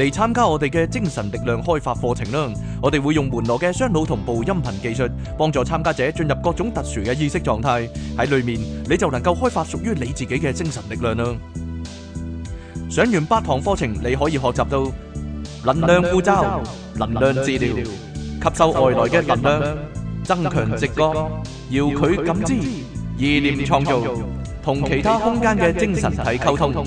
嚟參加我哋嘅精神力量開發課程啦！我哋會用門羅嘅雙腦同步音頻技術，幫助參加者進入各種特殊嘅意識狀態。喺裡面你就能夠開發屬於你自己嘅精神力量啦！上完八堂課程，你可以學習到能量呼召、能量治療、吸收外來嘅能量、增強直覺、遙距感知、意念創造、同其他空間嘅精神體溝通。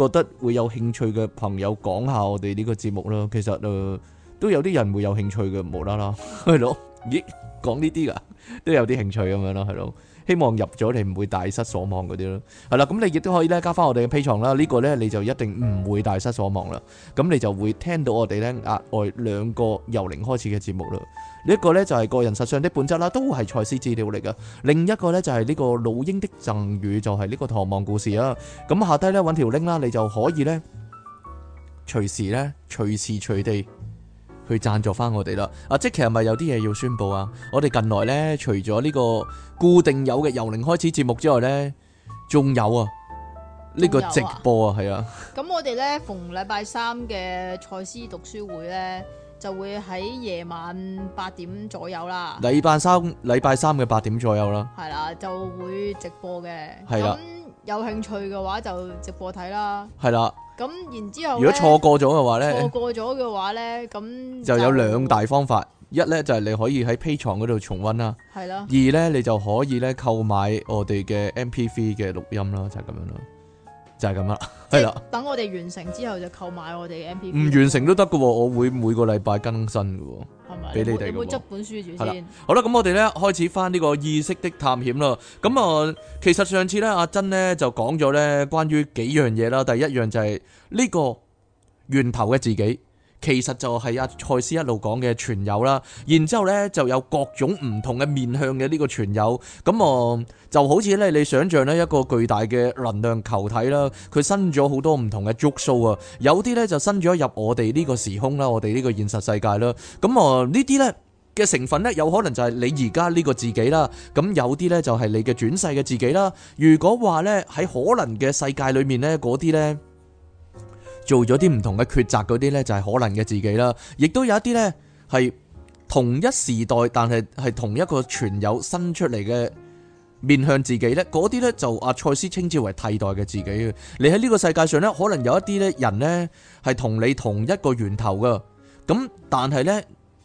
覺得會有興趣嘅朋友講下我哋呢個節目咯。其實誒、呃、都有啲人會有興趣嘅，無啦啦係咯，咦？ 講呢啲噶，都有啲興趣咁樣咯，係咯。希望入咗你唔會大失所望嗰啲咯。係啦，咁你亦都可以咧加翻我哋嘅 Patreon 啦。呢個呢，你就一定唔會大失所望啦。咁你就會聽到我哋呢額外兩個由零開始嘅節目啦。這個、呢一個咧就係、是、個人實相的本質啦，都係賽斯資料嚟噶。另一個呢，就係、是、呢個老鷹的贈予，就係、是、呢個唐望故事啊。咁下低咧揾條 link 啦，你就可以呢，隨時呢，隨時隨地。佢贊助翻我哋啦，啊，即係其實咪有啲嘢要宣佈啊！我哋近來咧，除咗呢個固定有嘅由零開始節目之外咧，仲有啊，呢、這個直播啊，係啊。咁、啊、我哋咧，逢禮拜三嘅賽斯讀書會咧，就會喺夜晚八點左右啦。禮拜三，禮拜三嘅八點左右啦。係啦、啊，就會直播嘅。係啦、啊，有興趣嘅話就直播睇啦。係啦、啊。咁然之後，如果錯過咗嘅話咧，錯過咗嘅話咧，咁就有兩大方法， 一咧就係、是、你可以喺 P 床嗰度重溫啦，係咯的。二咧你就可以咧購買我哋嘅 M P v 嘅錄音啦，就係、是、咁樣咯，就係、是、咁樣啦，係啦。等我哋完成之後就購買我哋嘅 M P 唔完成都得噶，我會每個禮拜更新噶。俾你哋嘅。係啦，好啦，咁我哋咧開始返呢個意識的探險啦。咁啊，其實上次咧阿珍咧就講咗咧關於幾樣嘢啦。第一樣就係呢個源頭嘅自己。其實就係阿賽斯一路講嘅存有啦，然之後呢，就有各種唔同嘅面向嘅呢個存有，咁、嗯、啊就好似呢，你想象呢一個巨大嘅能量球體啦，佢伸咗好多唔同嘅足數啊，有啲呢，就伸咗入我哋呢個時空啦，我哋呢個現實世界啦，咁、嗯、啊、嗯、呢啲呢嘅成分呢，有可能就係你而家呢個自己啦，咁、嗯、有啲呢，就係、是、你嘅轉世嘅自己啦。如果話呢，喺可能嘅世界裏面呢，嗰啲呢。做咗啲唔同嘅抉擇嗰啲呢，就係可能嘅自己啦，亦都有一啲呢，係同一時代，但係係同一個傳有新出嚟嘅面向自己。呢嗰啲呢，就阿賽斯稱之為替代嘅自己。你喺呢個世界上呢，可能有一啲呢人呢，係同你同一個源頭噶，咁但係呢。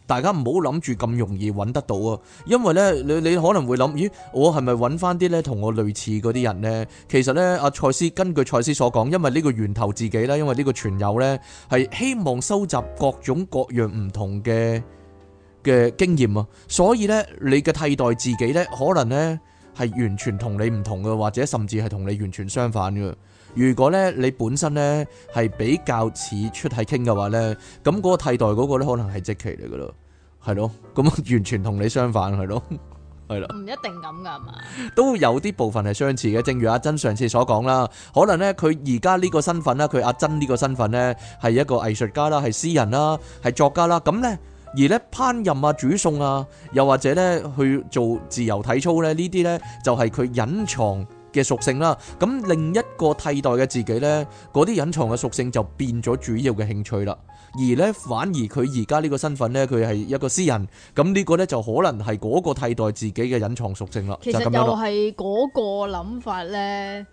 大家唔好諗住咁容易搵得到啊！因為呢，你你可能會諗，咦，我係咪搵翻啲呢？同我類似嗰啲人呢？其實呢，阿、啊、賽斯根據賽斯所講，因為呢個源頭自己啦，因為呢個存有呢，係希望收集各種各樣唔同嘅嘅經驗啊，所以呢，你嘅替代自己呢，可能呢，係完全你同你唔同嘅，或者甚至係同你完全相反嘅。如果呢，你本身呢，係比較似出體傾嘅話呢，咁、那、嗰個替代嗰個呢，可能係即期嚟嘅咯。係咯，咁完全同你相反，係咯，係啦。唔一定咁噶嘛，都有啲部分係相似嘅。正如阿珍上次所講啦，可能呢，佢而家呢個身份啦，佢阿珍呢個身份呢，係一個藝術家啦，係詩人啦，係作家啦。咁呢，而呢，烹飪啊、煮餸啊，又或者呢，去做自由體操呢，呢啲呢，就係佢隱藏嘅屬性啦。咁另一個替代嘅自己呢，嗰啲隱藏嘅屬性就變咗主要嘅興趣啦。而咧，反而佢而家呢個身份咧，佢係一個私人。咁呢個咧就可能係嗰個替代自己嘅隱藏屬性啦。其實又係嗰個諗法咧，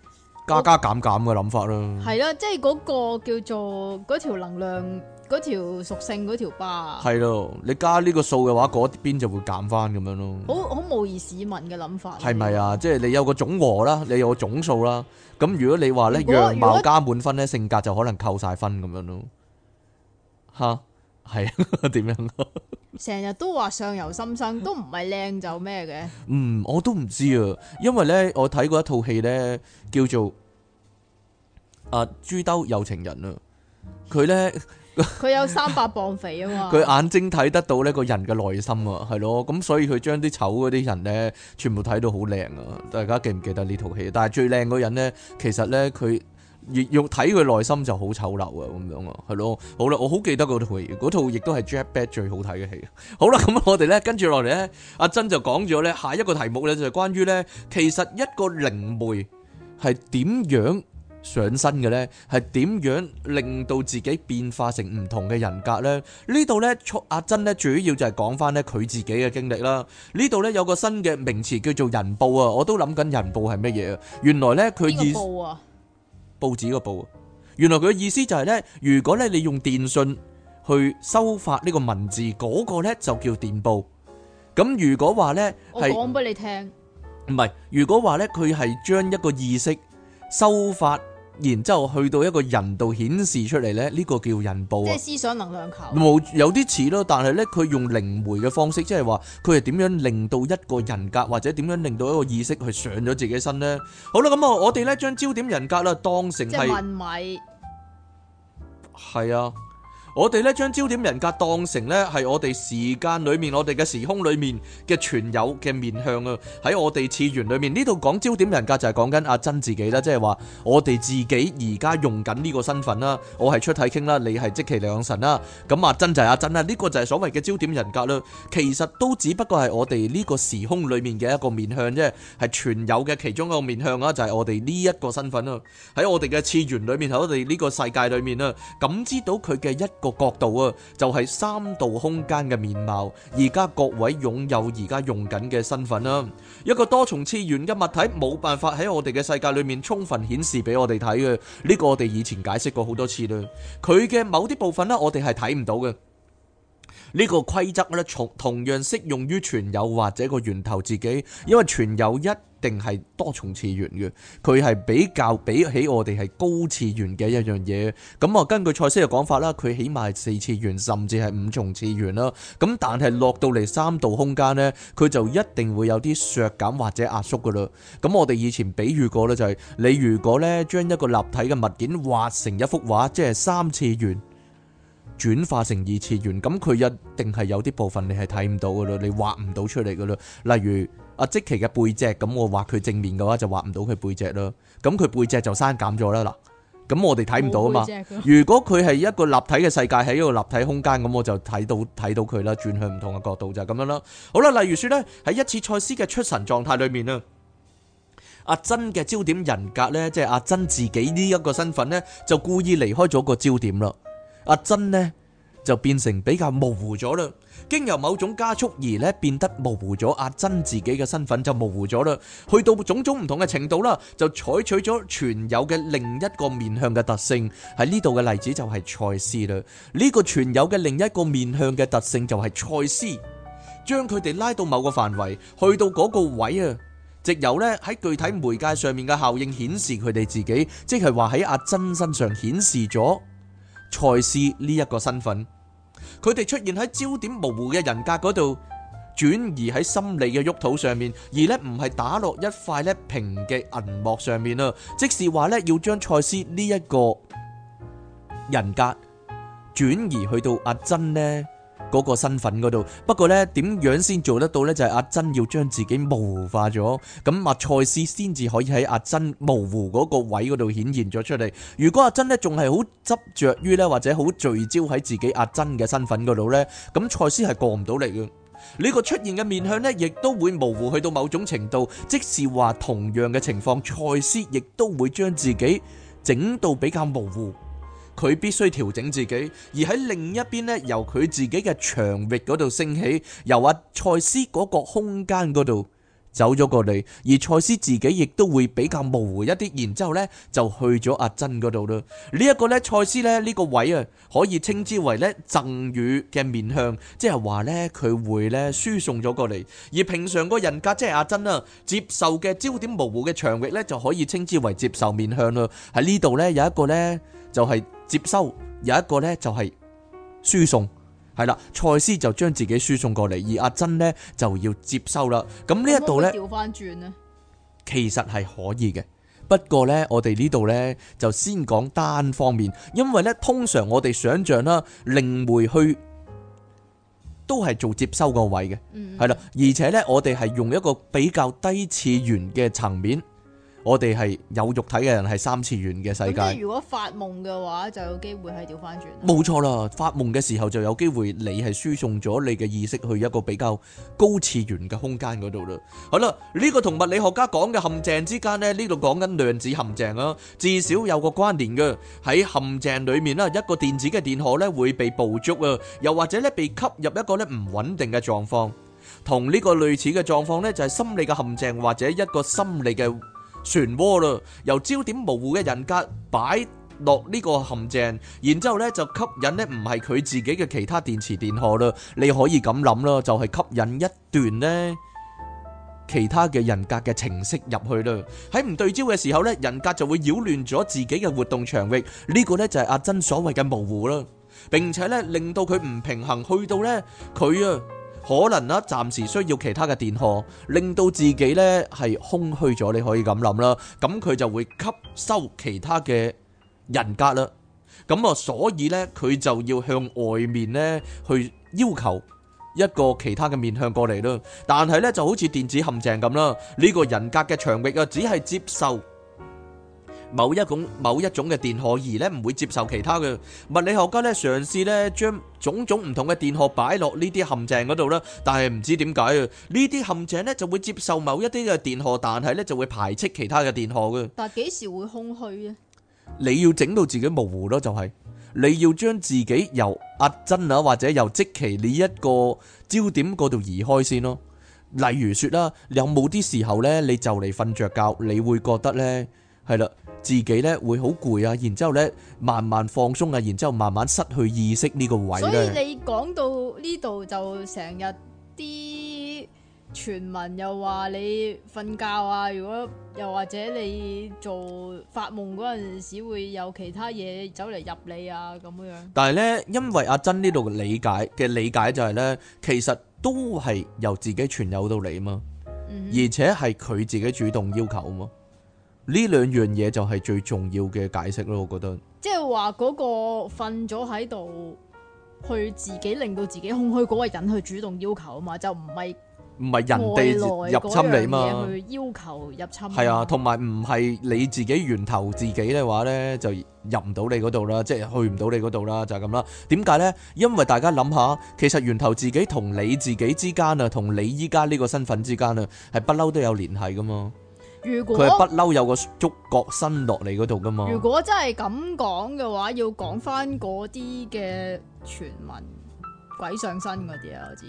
加加減減嘅諗法啦。係啦，即係嗰個叫做嗰條能量、嗰條屬性嗰條巴。係咯，你加呢個數嘅話，嗰邊就會減翻咁樣咯。好好模擬市民嘅諗法。係咪啊？即係你有個總和啦，你有個總數啦。咁如果你話咧樣貌加滿分咧，性格就可能扣晒分咁樣咯。吓，係點、啊、 怎樣？成日都話上游心生都唔係靚就咩嘅。嗯，我都唔知啊，因為咧我睇過一套戲咧，叫做《啊豬兜有情人》啊。佢咧佢有三百磅肥啊嘛。佢 眼睛睇得到呢個人嘅內心啊，係咯。咁所以佢將啲醜嗰啲人咧，全部睇到好靚啊。大家記唔記得呢套戲？但係最靚嗰人咧，其實咧佢。越要睇佢內心就好醜陋啊，咁樣啊，係咯，好啦，我好記得嗰套，嗰套亦都係 Jack Bat 最好睇嘅戲。好啦，咁我哋咧跟住落嚟咧，阿珍就講咗咧下一個題目咧就係關於咧，其實一個靈媒係點樣上身嘅咧，係點樣令到自己變化成唔同嘅人格咧？呢度咧，阿珍咧主要就係講翻咧佢自己嘅經歷啦。呢度咧有個新嘅名詞叫做人報啊，我都諗緊人報係乜嘢啊？原來咧佢以。報紙嗰報，原來佢嘅意思就係咧，如果咧你用電訊去收發呢個文字，嗰個咧就叫電報。咁如果話咧係，我講俾你聽，唔係，如果話咧佢係將一個意識收發，然之後去到一個人度顯示出嚟咧，呢、呢個叫人報，即思想能量球冇有啲似咯，但係呢，佢用靈媒嘅方式，即係話佢係點樣令到一個人格或者點樣令到一個意識去上咗自己身呢？好啦，咁啊，我哋呢，將焦點人格啦，當成係問米係啊。我哋咧，將焦點人格當成咧係我哋時間裏面我哋嘅時空裏面嘅存有嘅面向啊，喺我哋次元裏面呢度講焦點人格就係講緊阿珍自己啦，即係話我哋自己而家用緊呢個身份啦，我係出體傾啦，你係即其兩神啦，咁阿珍就係阿珍啦，呢個就係所謂嘅焦點人格啦，其實都只不過係我哋呢個時空裏面嘅一個面向，啫，係係存有嘅其中一個面向啦。就係我哋呢一個身份啊，喺我哋嘅次元裏面，喺我哋呢個世界裏面啊，感知到佢嘅一個角度啊，就係、是、三度空間嘅面貌。而家各位擁有而家用緊嘅身份啦，一個多重次元嘅物體，冇辦法喺我哋嘅世界裏面充分顯示俾我哋睇嘅。呢、這個我哋以前解釋過好多次啦。佢嘅某啲部分呢，我哋係睇唔到嘅。呢個規則咧，從同樣適用於存有或者個源頭自己，因為存有一定係多重次元嘅，佢係比較比起我哋係高次元嘅一樣嘢。咁、嗯、啊，根據賽斯嘅講法啦，佢起碼係四次元，甚至係五重次元啦。咁但係落到嚟三度空間呢，佢就一定會有啲削減或者壓縮噶啦。咁、嗯、我哋以前比喻過呢就係、是、你如果呢，將一個立體嘅物件畫成一幅畫，即係三次元。轉化成二次元，咁佢一定係有啲部分你係睇唔到噶咯，你畫唔到出嚟噶咯。例如阿、啊、積奇嘅背脊，咁我畫佢正面嘅話就畫唔到佢背脊啦。咁佢背脊就刪減咗啦。嗱，咁我哋睇唔到啊嘛。如果佢係一個立體嘅世界喺一個立體空間，咁我就睇到睇到佢啦。轉向唔同嘅角度就咁樣啦。好啦，例如說呢，喺一次賽斯嘅出神狀態裏面啊，阿珍嘅焦點人格呢，即係阿珍自己呢一個身份呢，就故意離開咗個焦點啦。阿珍呢就變成比較模糊咗啦，經由某種加速而呢變得模糊咗，阿珍自己嘅身份就模糊咗啦，去到種種唔同嘅程度啦，就採取咗存有嘅另一個面向嘅特性。喺呢度嘅例子就係賽斯啦，呢、這個存有嘅另一個面向嘅特性就係賽斯，將佢哋拉到某個範圍，去到嗰個位啊，藉由呢喺具體媒介上面嘅效應顯示佢哋自己，即係話喺阿珍身上顯示咗。賽斯呢一個身份，佢哋出現喺焦點模糊嘅人格嗰度，轉移喺心理嘅沃土上面，而呢唔係打落一塊呢平嘅銀幕上面啦。即是話呢要將賽斯呢一個人格轉移去到阿珍呢。嗰個身份嗰度，不過呢點樣先做得到呢？就係阿珍要將自己模糊化咗，咁阿賽斯先至可以喺阿珍模糊嗰個位嗰度顯現咗出嚟。如果阿珍呢仲係好執著於呢或者好聚焦喺自己阿珍嘅身份嗰度呢，咁賽斯係過唔到嚟嘅。呢個出現嘅面向呢，亦都會模糊去到某種程度，即是話同樣嘅情況，賽斯亦都會將自己整到比較模糊。佢必須調整自己，而喺另一邊呢，由佢自己嘅長域嗰度升起，由阿賽斯嗰個空間嗰度走咗過嚟，而賽斯自己亦都會比較模糊一啲，然之後呢，就去咗阿珍嗰度啦。呢一個呢，賽斯呢呢個位啊，可以稱之為呢贈與嘅面向，即係話呢，佢會呢輸送咗過嚟，而平常個人格即係阿珍啊接受嘅焦點模糊嘅長域呢，就可以稱之為接受面向啦。喺呢度呢，有一個呢，就係。接收，有一個呢就係輸送，係啦，賽斯就將自己輸送過嚟，而阿珍呢就要接收啦。咁呢一度呢，調翻轉咧，其實係可以嘅。不過呢，我哋呢度呢就先講單方面，因為呢通常我哋想象啦，靈媒去都係做接收個位嘅，係啦，而且呢，我哋係用一個比較低次元嘅層面。我哋係有肉體嘅人，係三次元嘅世界。咁即係如果發夢嘅話，就有機會係調翻轉。冇錯啦，發夢嘅時候就有機會，你係輸送咗你嘅意識去一個比較高次元嘅空間嗰度啦。好啦，呢個同物理學家講嘅陷阱之間咧，呢度講緊量子陷阱啊，至少有個關聯嘅。喺陷阱裡面啦，一個電子嘅電荷咧會被捕捉啊，又或者咧被吸入一個咧唔穩定嘅狀況。同呢個類似嘅狀況咧，就係心理嘅陷阱或者一個心理嘅漩渦啦，由焦點模糊嘅人格擺落呢個陷阱，然之後咧就吸引咧唔係佢自己嘅其他電池電荷啦。你可以咁諗啦，就係吸引一段咧其他嘅人格嘅情色入去啦。喺唔對焦嘅時候咧，人格就會擾亂咗自己嘅活動場域。呢個咧就係阿珍所謂嘅模糊啦。並且咧令到佢唔平衡，去到咧佢啊。可能啦，暫時需要其他嘅電荷，令到自己咧係空虛咗，你可以咁諗啦。咁佢就會吸收其他嘅人格啦。咁啊，所以咧佢就要向外面咧去要求一個其他嘅面向過嚟咯。但係咧就好似電子陷阱咁啦，呢個人格嘅場域啊，只係接受。某一種某一種嘅電荷而咧唔會接受其他嘅物理學家咧嘗試咧將種種唔同嘅電荷擺落呢啲陷阱嗰度啦，但係唔知點解啊？呢啲陷阱咧就會接受某一啲嘅電荷，但係咧就會排斥其他嘅電荷嘅。但係幾時會空虛咧？你要整到自己模糊咯，就係你要將自己由壓真啊或者由即期呢一個焦點嗰度移開先咯。例如說啦，有冇啲時候咧你就嚟瞓着覺，你會覺得咧係啦。自己咧會好攰啊，然之後咧慢慢放鬆啊，然之後慢慢失去意識呢個位咧。所以你講到呢度就成日啲傳聞又話你瞓覺啊，如果又或者你做發夢嗰陣時會有其他嘢走嚟入你啊咁樣。但係咧，因為阿珍呢度嘅理解嘅理解就係咧，其實都係由自己傳有到你嘛，而且係佢自己主動要求啊嘛。呢兩樣嘢就係最重要嘅解釋咯，我覺得。即係話嗰個瞓咗喺度，去自己令到自己空虛嗰個人去主動要求啊嘛，就唔係唔係人哋入侵你嘛，去要求入侵。係啊，同埋唔係你自己源頭自己嘅話呢，就入唔到你嗰度啦，即係去唔到你嗰度啦，就係咁啦。點解呢？因為大家諗下，其實源頭自己同你自己之間啊，同你依家呢個身份之間啊，係不嬲都有聯繫噶嘛。佢係不嬲有個觸角伸落嚟嗰度噶嘛。如果真係咁講嘅話，要講翻嗰啲嘅傳聞鬼上身嗰啲啊，我知。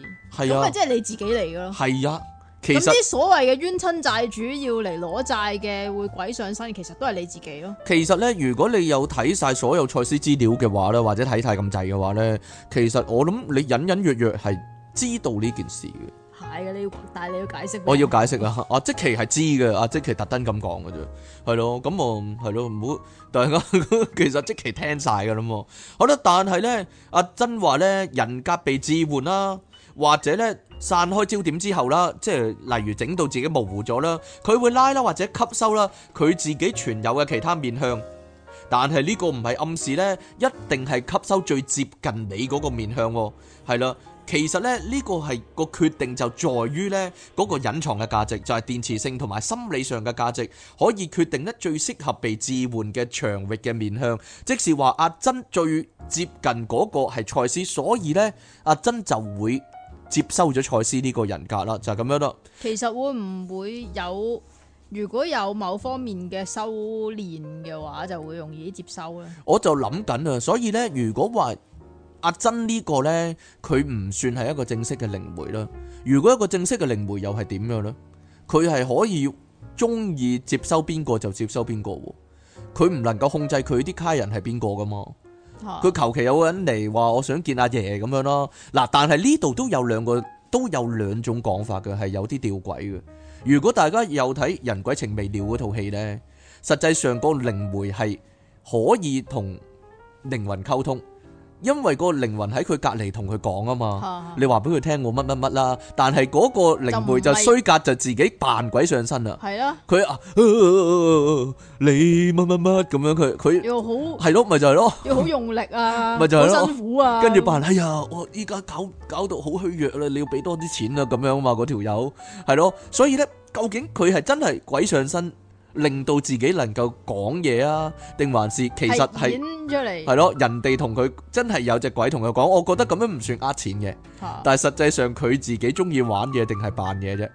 係啊，咁咪即係你自己嚟咯。係啊，其實咁啲所謂嘅冤親債主要嚟攞債嘅，會鬼上身，其實都係你自己咯。其實咧，如果你有睇晒所有賽斯資料嘅話咧，或者睇晒咁滯嘅話咧，其實我諗你隱隱約約係知道呢件事嘅。嘅你要，但你要解釋。我要解釋啊！阿即奇係知嘅，阿即奇特登咁講嘅啫，係咯，咁我係咯，唔好，但係我其實即奇聽曬嘅啦，好啦，但係咧，阿珍話咧，人格被置換啦，或者咧散開焦點之後啦，即係例如整到自己模糊咗啦，佢會拉啦或者吸收啦，佢自己存有嘅其他面向，但係呢個唔係暗示咧，一定係吸收最接近你嗰個面向喎，係啦。其實咧，呢、這個係個決定就在於呢嗰、那個隱藏嘅價值，就係、是、電磁性同埋心理上嘅價值，可以決定得最適合被置換嘅長域嘅面向。即是話阿珍最接近嗰個係賽斯，所以呢，阿珍就會接收咗賽斯呢個人格啦，就係、是、咁樣啦。其實會唔會有如果有某方面嘅修練嘅話，就會容易啲接收呢？我就諗緊啊，所以呢，如果話阿珍呢個呢，佢唔算係一個正式嘅靈媒啦。如果一個正式嘅靈媒又係點樣呢？佢係可以中意接收邊個就接收邊個，佢唔能夠控制佢啲家人係邊個噶嘛。佢求其有個人嚟，話我想見阿爺咁樣囉。嗱，但係呢度都有兩個都有兩種講法嘅，係有啲吊詭嘅。如果大家有睇《人鬼情未了》嗰套戲呢，實際上個靈媒係可以同靈魂溝通。因為什麼什麼什麼個靈魂喺佢隔籬同佢講啊嘛，你話俾佢聽我乜乜乜啦，但係嗰個靈媒就衰格就自己扮鬼上身啦。係咯，佢啊，你乜乜乜咁樣，佢佢又好係咯，咪就係咯，要好用力啊，咪就係咯 kind of 辛苦啊，跟住扮，哎呀，我依家搞搞到好虛弱啦，你要俾多啲錢啊，咁樣嘛，嗰條友係咯，所以咧，究竟佢係真係鬼上身？令到自己能夠講嘢啊？定還是其實係演出嚟？係咯，人哋同佢真係有隻鬼同佢講。我覺得咁樣唔算呃錢嘅，嗯、但係實際上佢自己中意玩嘢定係扮嘢啫。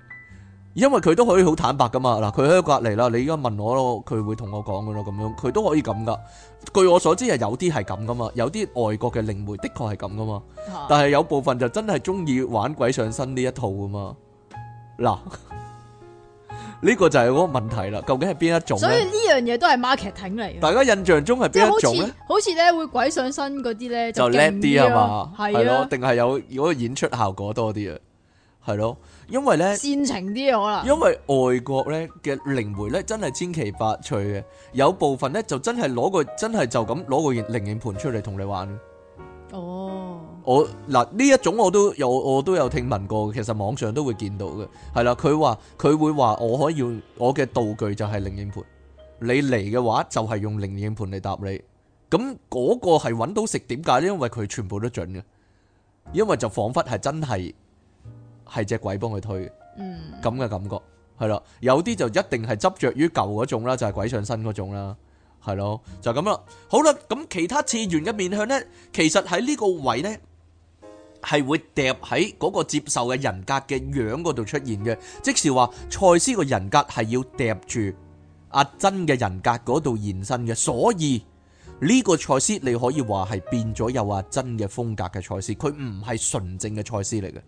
因為佢都可以好坦白噶嘛。嗱，佢喺隔離啦，你依家問我，佢會同我講噶咯。咁樣佢都可以咁噶。據我所知係有啲係咁噶嘛，有啲外國嘅靈媒的確係咁噶嘛。但係有部分就真係中意玩鬼上身呢一套噶嘛。嗱。呢個就係嗰個問題啦，究竟係邊一種？所以呢樣嘢都係 marketing 嚟。大家印象中係邊一種咧？好似咧，會鬼上身嗰啲咧就叻啲吖嘛？係咯，定係有如果演出效果多啲啊？係咯，因為咧煽情啲可能。因為外國咧嘅靈媒咧真係千奇百趣嘅，有部分咧就真係攞個真係就咁攞個靈應盤出嚟同你玩。我嗱，呢一種我都有，我都有聽聞過，其實網上都會見到嘅。係啦，佢話佢會話，我可以用我嘅道具就係靈應盤，你嚟嘅話就係用靈應盤嚟答你，咁嗰個係揾到食。點解咧？因為佢全部都準嘅，因為就仿佛係真係係隻鬼幫佢推嘅，嗯，咁嘅感覺。係啦，有啲就一定係執着於舊嗰種啦，就係鬼上身嗰種啦，係咯，就咁啦，好啦，咁其他次元嘅面向咧，其實喺呢個位咧，係會疊喺嗰個接受嘅人格嘅樣嗰度出現嘅，即是話賽斯個人格係要疊住阿珍嘅人格嗰度延伸嘅，所以呢個賽斯你可以話係變咗有阿珍嘅風格嘅賽斯，佢唔係純正嘅賽斯嚟嘅。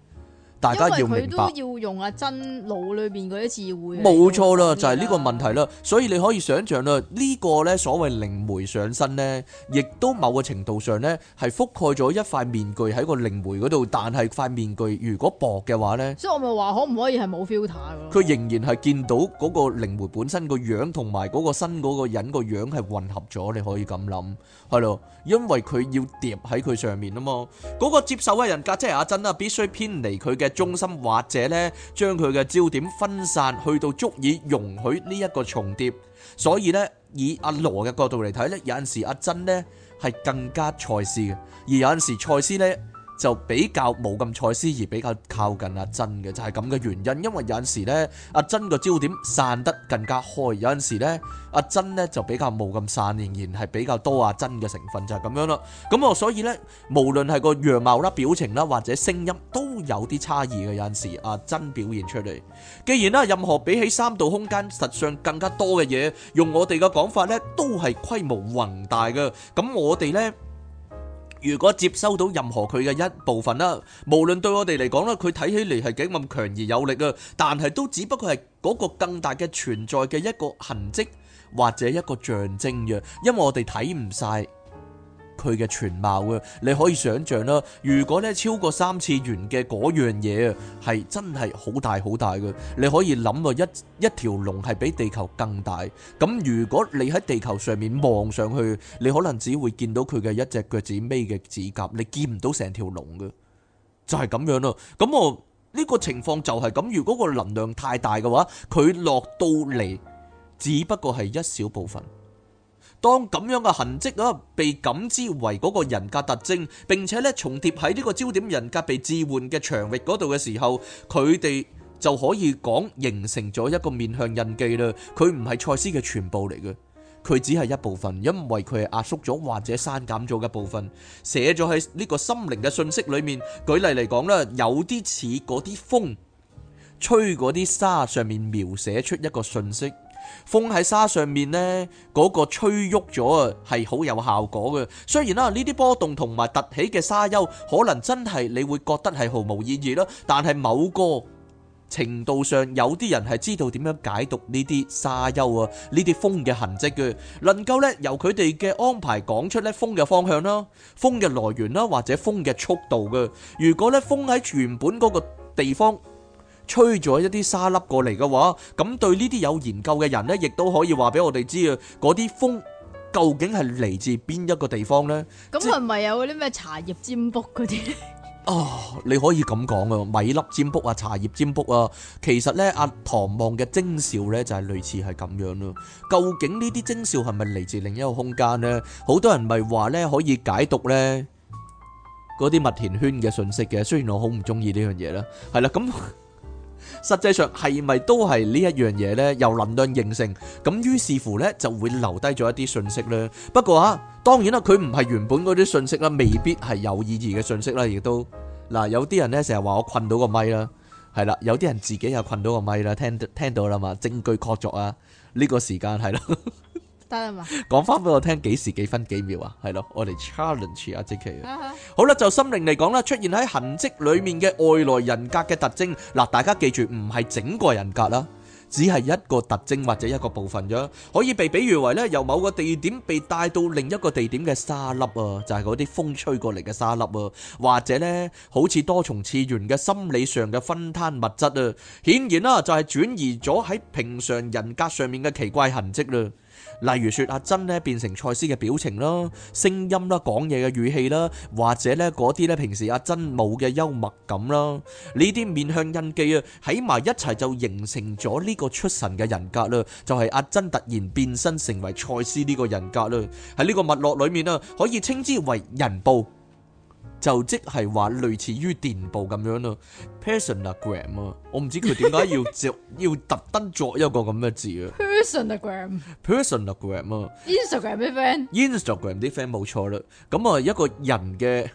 大家要因為佢都要用阿珍腦裏邊嗰啲字匯，冇錯啦，就係、是、呢個問題啦。所以你可以想象啦，這個、呢個咧所謂靈媒上身咧，亦都某個程度上咧係覆蓋咗一塊面具喺個靈媒度。但係塊面具如果薄嘅話咧，所以我咪話可唔可以係冇 filter 咯？佢仍然係見到嗰個靈媒本身個樣同埋嗰個身嗰個人個樣係混合咗。你可以咁諗，係咯，因為佢要疊喺佢上面啊嘛。嗰、那個接受嘅人格即係阿珍啊，必須偏離佢嘅。中心或者呢，將佢嘅焦點分散去到足以容許呢一個重疊，所以呢，以阿羅嘅角度嚟睇呢，有陣時阿珍呢係更加賽斯嘅，而有陣時賽斯呢。就比較冇咁賽斯而比較靠近阿珍嘅，就係咁嘅原因。因為有陣時咧，阿珍個焦點散得更加開，有陣時咧，阿珍咧就比較冇咁散，仍然係比較多阿珍嘅成分，就係咁樣啦。咁我所以咧，無論係個樣貌啦、表情啦或者聲音都有啲差異嘅。有陣時阿珍表現出嚟，既然啦，任何比起三度空間實相更加多嘅嘢，用我哋嘅講法咧，都係規模宏大嘅。咁我哋咧。如果接收到任何佢嘅一部分啦，無論對我哋嚟講啦，佢睇起嚟係幾咁強而有力啊，但係都只不過係嗰個更大嘅存在嘅一個痕跡，或者一個象徵呀，因為我哋睇唔晒。佢嘅全貌啊，你可以想象啦。如果咧超過三次元嘅嗰樣嘢啊，係真係好大好大嘅。你可以諗啊，一一條龍係比地球更大。咁如果你喺地球上面望上去，你可能只會見到佢嘅一隻腳趾尾嘅指甲，你見唔到成條龍嘅，就係、是、咁樣咯。咁我呢、這個情況就係咁。如果個能量太大嘅話，佢落到嚟只不過係一小部分。當咁樣嘅痕迹啊被感知為嗰個人格特徵，並且咧重疊喺呢個焦點人格被置換嘅場域嗰度嘅時候，佢哋就可以講形成咗一個面向印記啦。佢唔係賽斯嘅全部嚟嘅，佢只係一部分，因為佢係壓縮咗或者刪減咗嘅部分，寫咗喺呢個心靈嘅信息裏面。舉例嚟講啦，有啲似嗰啲風吹嗰啲沙上面描寫出一個信息。風喺沙上面呢，嗰個吹喐咗啊，係好有效果嘅。雖然啦，呢啲波動同埋突起嘅沙丘可能真係你會覺得係毫無意義啦，但係某個程度上，有啲人係知道點樣解讀呢啲沙丘啊，呢啲風嘅痕跡嘅，能夠呢由佢哋嘅安排講出呢風嘅方向啦，風嘅來源啦，或者風嘅速度嘅。如果呢風喺原本嗰個地方。吹咗一啲沙粒過嚟嘅話，咁對呢啲有研究嘅人咧，亦都可以話俾我哋知啊，嗰啲風究竟係嚟自邊一個地方咧？咁係咪有嗰啲咩茶葉占卜嗰啲？哦，你可以咁講啊，米粒占卜啊，茶葉占卜啊，其實咧，阿唐望嘅徵兆咧就係類似係咁樣咯。究竟呢啲徵兆係咪嚟自另一個空間咧？好多人咪話咧可以解讀咧嗰啲麥田圈嘅信息嘅，雖然我好唔中意呢樣嘢啦，係啦咁。實際上係咪都係呢一樣嘢呢？由能量形成咁，於是乎呢就會留低咗一啲信息咧。不過吓，當然啦，佢唔係原本嗰啲信息啦，未必係有意義嘅信息啦，亦都嗱，有啲人呢成日話我困到個咪啦，係啦，有啲人自己又困到個咪啦，聽聽到啦嘛，證據確鑿啊，呢、這個時間係咯。 得啊嘛！講翻俾我聽幾時幾分幾秒啊？係咯，我哋 challenge 下 JK 啊！好啦，就心靈嚟講啦，出現喺痕迹裏面嘅外來人格嘅特徵，嗱，大家記住唔係整個人格啦，只係一個特徵或者一個部分啫。可以被比喻為咧，由某個地點被帶到另一個地點嘅沙粒啊，就係嗰啲風吹過嚟嘅沙粒啊，或者咧好似多重次元嘅心理上嘅分攤物質啊，顯然啦，就係轉移咗喺平常人格上面嘅奇怪痕迹啦。例如說阿珍咧變成賽斯嘅表情啦、聲音啦、講嘢嘅語氣啦，或者咧嗰啲咧平時阿珍冇嘅幽默感啦，呢啲面向印記啊，喺埋一齊就形成咗呢個出神嘅人格啦，就係、是、阿珍突然變身成為賽斯呢個人格啦，喺呢個脈絡裏面啊，可以稱之為人報。就即係話類似於電報咁樣咯，personagram 啊，Person agram，我唔知佢點解要著 要特登作一個咁嘅字啊，personagram，personagram 啊，Instagram 啲 friend，Instagram 啲 friend 冇錯啦，咁啊一個人嘅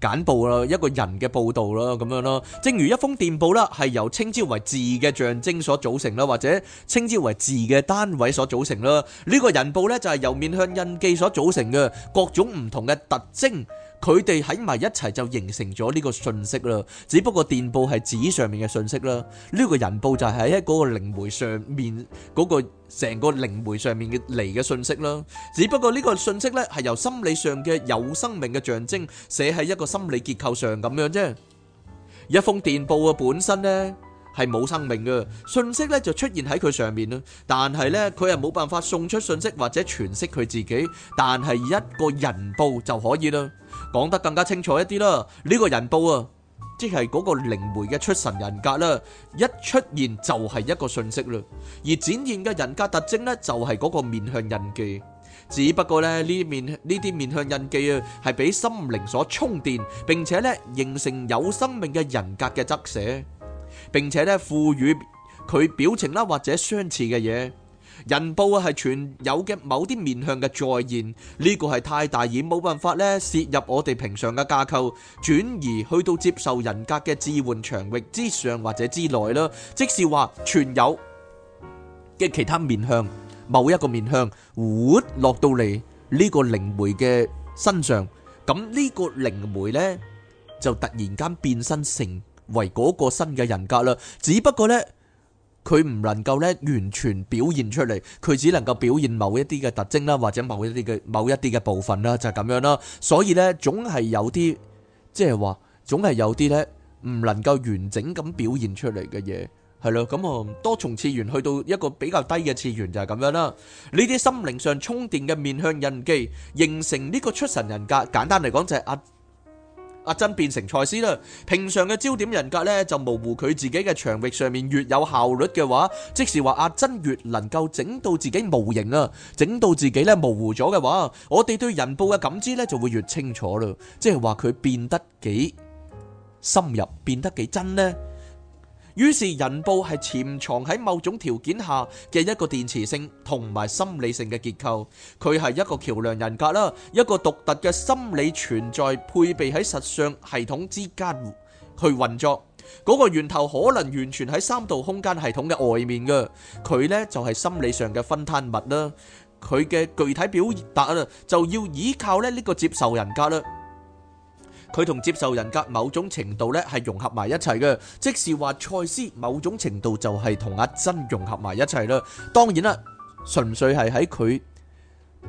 簡報啦，一個人嘅報，報道啦，咁樣咯，正如一封電報啦，係由稱之為字嘅象徵所組成啦，或者稱之為字嘅單位所組成啦，呢個人報咧就係由面向印記所組成嘅各種唔同嘅特徵。佢哋喺埋一齊就形成咗呢個信息啦，只不過電報係紙上面嘅信息啦，呢個人報就係喺嗰個靈媒上面嗰個成個靈媒上面嘅嚟嘅信息啦。只不過呢個信息咧係由心理上嘅有生命嘅象徵寫喺一個心理結構上咁樣啫。一封電報啊本身咧係冇生命嘅，信息咧就出現喺佢上面啦。但係咧佢係冇辦法送出信息或者詮釋佢自己，但係一個人報就可以啦。講得更加清楚一啲啦，呢、這個人報啊，即係嗰個靈媒嘅出神人格啦，一出現就係一個訊息啦，而展現嘅人格特徵呢，就係嗰個面向印記。只不過咧，呢面呢啲面向印記啊，係俾心靈所充電，並且呢形成有生命嘅人格嘅側寫，並且呢賦予佢表情啦或者相似嘅嘢。人報啊，係存有嘅某啲面向嘅再現，呢、這個係太大而冇辦法咧，涉入我哋平常嘅架構，轉移去到接受人格嘅置換場域之上或者之內啦。即是話存有嘅其他面向，某一個面向，活、呃、落到嚟呢個靈媒嘅身上，咁呢個靈媒呢，就突然間變身成為嗰個新嘅人格啦。只不過呢。佢唔能夠咧完全表現出嚟，佢只能夠表現某一啲嘅特徵啦，或者某一啲嘅某一啲嘅部分啦，就係咁樣啦。所以呢，總係有啲，即係話，總係有啲呢唔能夠完整咁表現出嚟嘅嘢，係咯。咁啊，多重次元去到一個比較低嘅次元就係咁樣啦。呢啲心靈上充電嘅面向印記，形成呢個出神人格。簡單嚟講就係啊。阿珍、啊、變成賽斯啦，平常嘅焦點人格呢，就模糊佢自己嘅場域上面越有效率嘅話，即是話阿珍越能夠整到自己模型啊，整到自己咧模糊咗嘅話，我哋對人報嘅感知呢就會越清楚咯，即係話佢變得幾深入，變得幾真呢。於是人報係潛藏喺某種條件下嘅一個電磁性同埋心理性嘅結構，佢係一個橋梁人格啦，一個獨特嘅心理存在配備喺實相系統之間去運作。嗰個源頭可能完全喺三度空間系統嘅外面噶，佢呢就係心理上嘅分攤物啦，佢嘅具體表達啊就要依靠呢呢個接受人格啦。佢同接受人格某種程度呢係融合埋一齊嘅，即是話賽斯某種程度就係同阿珍融合埋一齊啦。當然啦，純粹係喺佢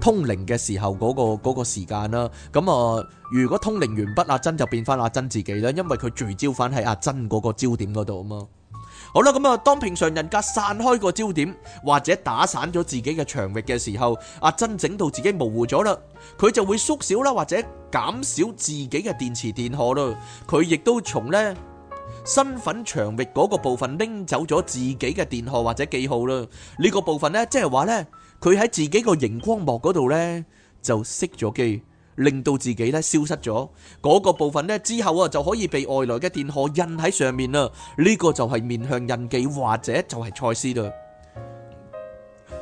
通靈嘅時候嗰個嗰個時間啦。咁啊，如果通靈完畢，阿珍就變翻阿珍自己啦，因為佢聚焦翻喺阿珍嗰個焦點嗰度啊嘛。好啦，咁啊，當平常人格散開個焦點或者打散咗自己嘅長域嘅時候，阿珍整到自己模糊咗啦，佢就會縮小啦，或者減少自己嘅電池電荷啦，佢亦都從呢身份長域嗰個部分拎走咗自己嘅電荷或者記號啦，呢、這個部分呢，即係話呢，佢喺自己個熒光幕嗰度呢，就熄咗機。令到自己咧消失咗，嗰個部分咧之後啊就可以被外來嘅電荷印喺上面啦。呢個就係面向印記，或者就係賽斯度。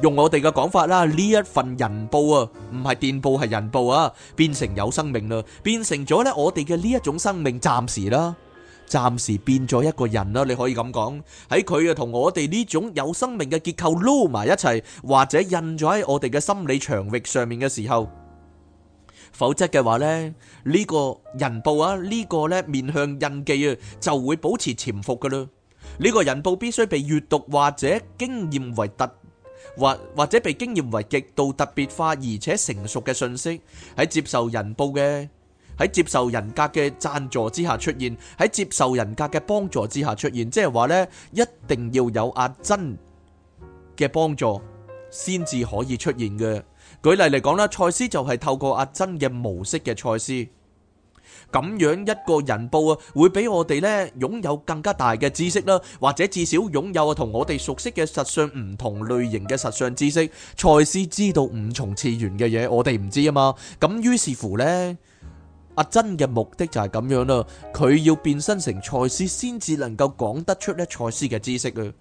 用我哋嘅講法啦，呢一份人報啊，唔係電報，係人報啊，變成有生命啦，變成咗咧我哋嘅呢一種生命暫時啦，暫時變咗一個人啦，你可以咁講喺佢啊，同我哋呢種有生命嘅結構撈埋一齊，或者印咗喺我哋嘅心理場域上面嘅時候。否則嘅話咧，呢、這個人報啊，這個、呢個咧面向印記啊，就會保持潛伏噶啦。呢、這個人報必須被閱讀或者經驗為特或或者被經驗為極度特別化而且成熟嘅信息，喺接受人報嘅，喺接受人格嘅贊助之下出現，喺接受人格嘅幫助之下出現，即係話咧，一定要有阿珍嘅幫助先至可以出現嘅。舉例嚟講啦，賽斯就係透過阿珍嘅模式嘅賽斯，咁樣一個人報啊，會俾我哋呢擁有更加大嘅知識啦，或者至少擁有同我哋熟悉嘅實相唔同類型嘅實相知識。賽斯知道五重次元嘅嘢，我哋唔知啊嘛。咁於是乎呢，阿珍嘅目的就係咁樣啦，佢要變身成賽斯先至能夠講得出呢賽斯嘅知識啊。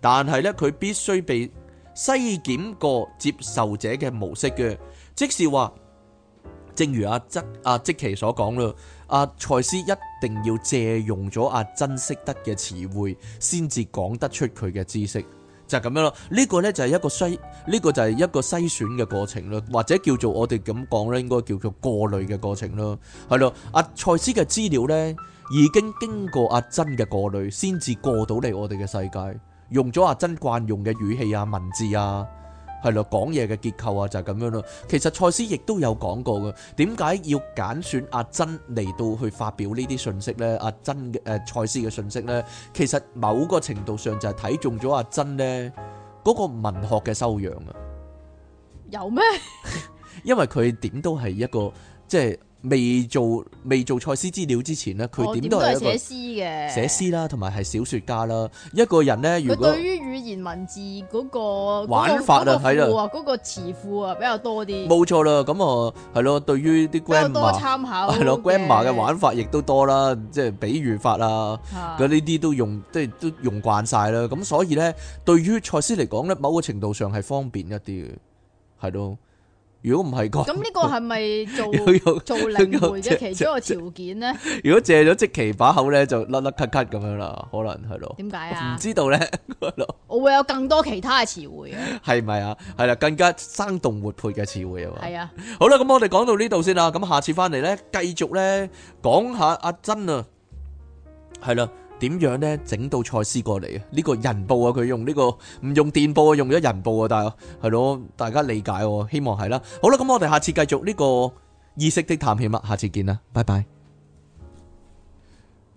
但係呢，佢必須被篩檢過接受者嘅模式嘅，即是話，正如阿則阿積奇所講啦，阿、啊、賽斯一定要借用咗阿、啊、珍識得嘅詞彙，先至講得出佢嘅知識，就咁、是、樣咯。呢、這個呢，就係、是、一個篩，呢、這個就係一個篩選嘅過程咯，或者叫做我哋咁講呢，應該叫做過濾嘅過程咯，係咯。阿、啊、賽斯嘅資料呢，已經經過阿、啊、珍嘅過濾，先至過到嚟我哋嘅世界。用咗阿珍慣用嘅語氣啊、文字啊，係咯，講嘢嘅結構啊，就係、是、咁樣咯。其實賽斯亦都有講過嘅，點解要揀選阿珍嚟到去發表呢啲信息呢？阿珍嘅誒賽斯嘅信息呢，其實某個程度上就係睇中咗阿珍呢嗰、那個文學嘅修養啊。有咩嗎？ 因為佢點都係一個即係。未做未做賽斯資料之前咧，佢點都係一個寫詩嘅寫詩啦，同埋係小說家啦。一個人咧，如果佢對於語言文字嗰個玩法啊，嗰個詞庫啊比較多啲，冇錯啦。咁啊，係咯，對於啲 grammar 係咯，grammar 嘅玩法亦都多啦，即係比喻法啊，咁呢啲都用即係都用慣晒啦。咁所以咧，對於賽斯嚟講咧，某個程度上係方便一啲嘅，係咯。如果唔係講，咁呢個係咪做做領匯嘅其中一個條件咧？ 如果借咗即期把口咧，就甩甩咳咳咁樣啦，可能係咯。點解啊？唔知道咧 我會有更多其他嘅詞彙啊。係咪啊？係啦，更加生動活潑嘅詞彙啊。係啊。好啦，咁我哋講到呢度先啦。咁下次翻嚟，咧繼續咧講下阿珍啊，係啦、啊。點樣咧整到賽斯過嚟啊？呢個人報啊，佢用呢個唔用電報啊，用咗人報啊，但係係咯，大家理解喎，希望係啦。好啦，咁我哋下次繼續呢個意識的探險嘛，下次見啦，拜拜。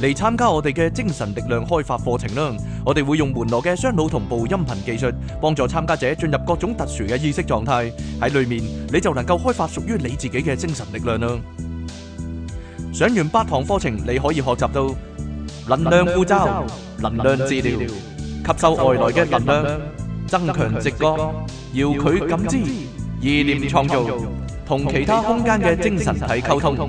嚟參加我哋嘅精神力量開發課程啦！我哋會用門羅嘅雙腦同步音頻技術，幫助參加者進入各種特殊嘅意識狀態。喺裏面你就能夠開發屬於你自己嘅精神力量啦！上完八堂課程，你可以學習到能量護罩、能量治療、吸收外來嘅能量、增強直覺、遙距感知、意念創造、同其他空間嘅精神體溝通，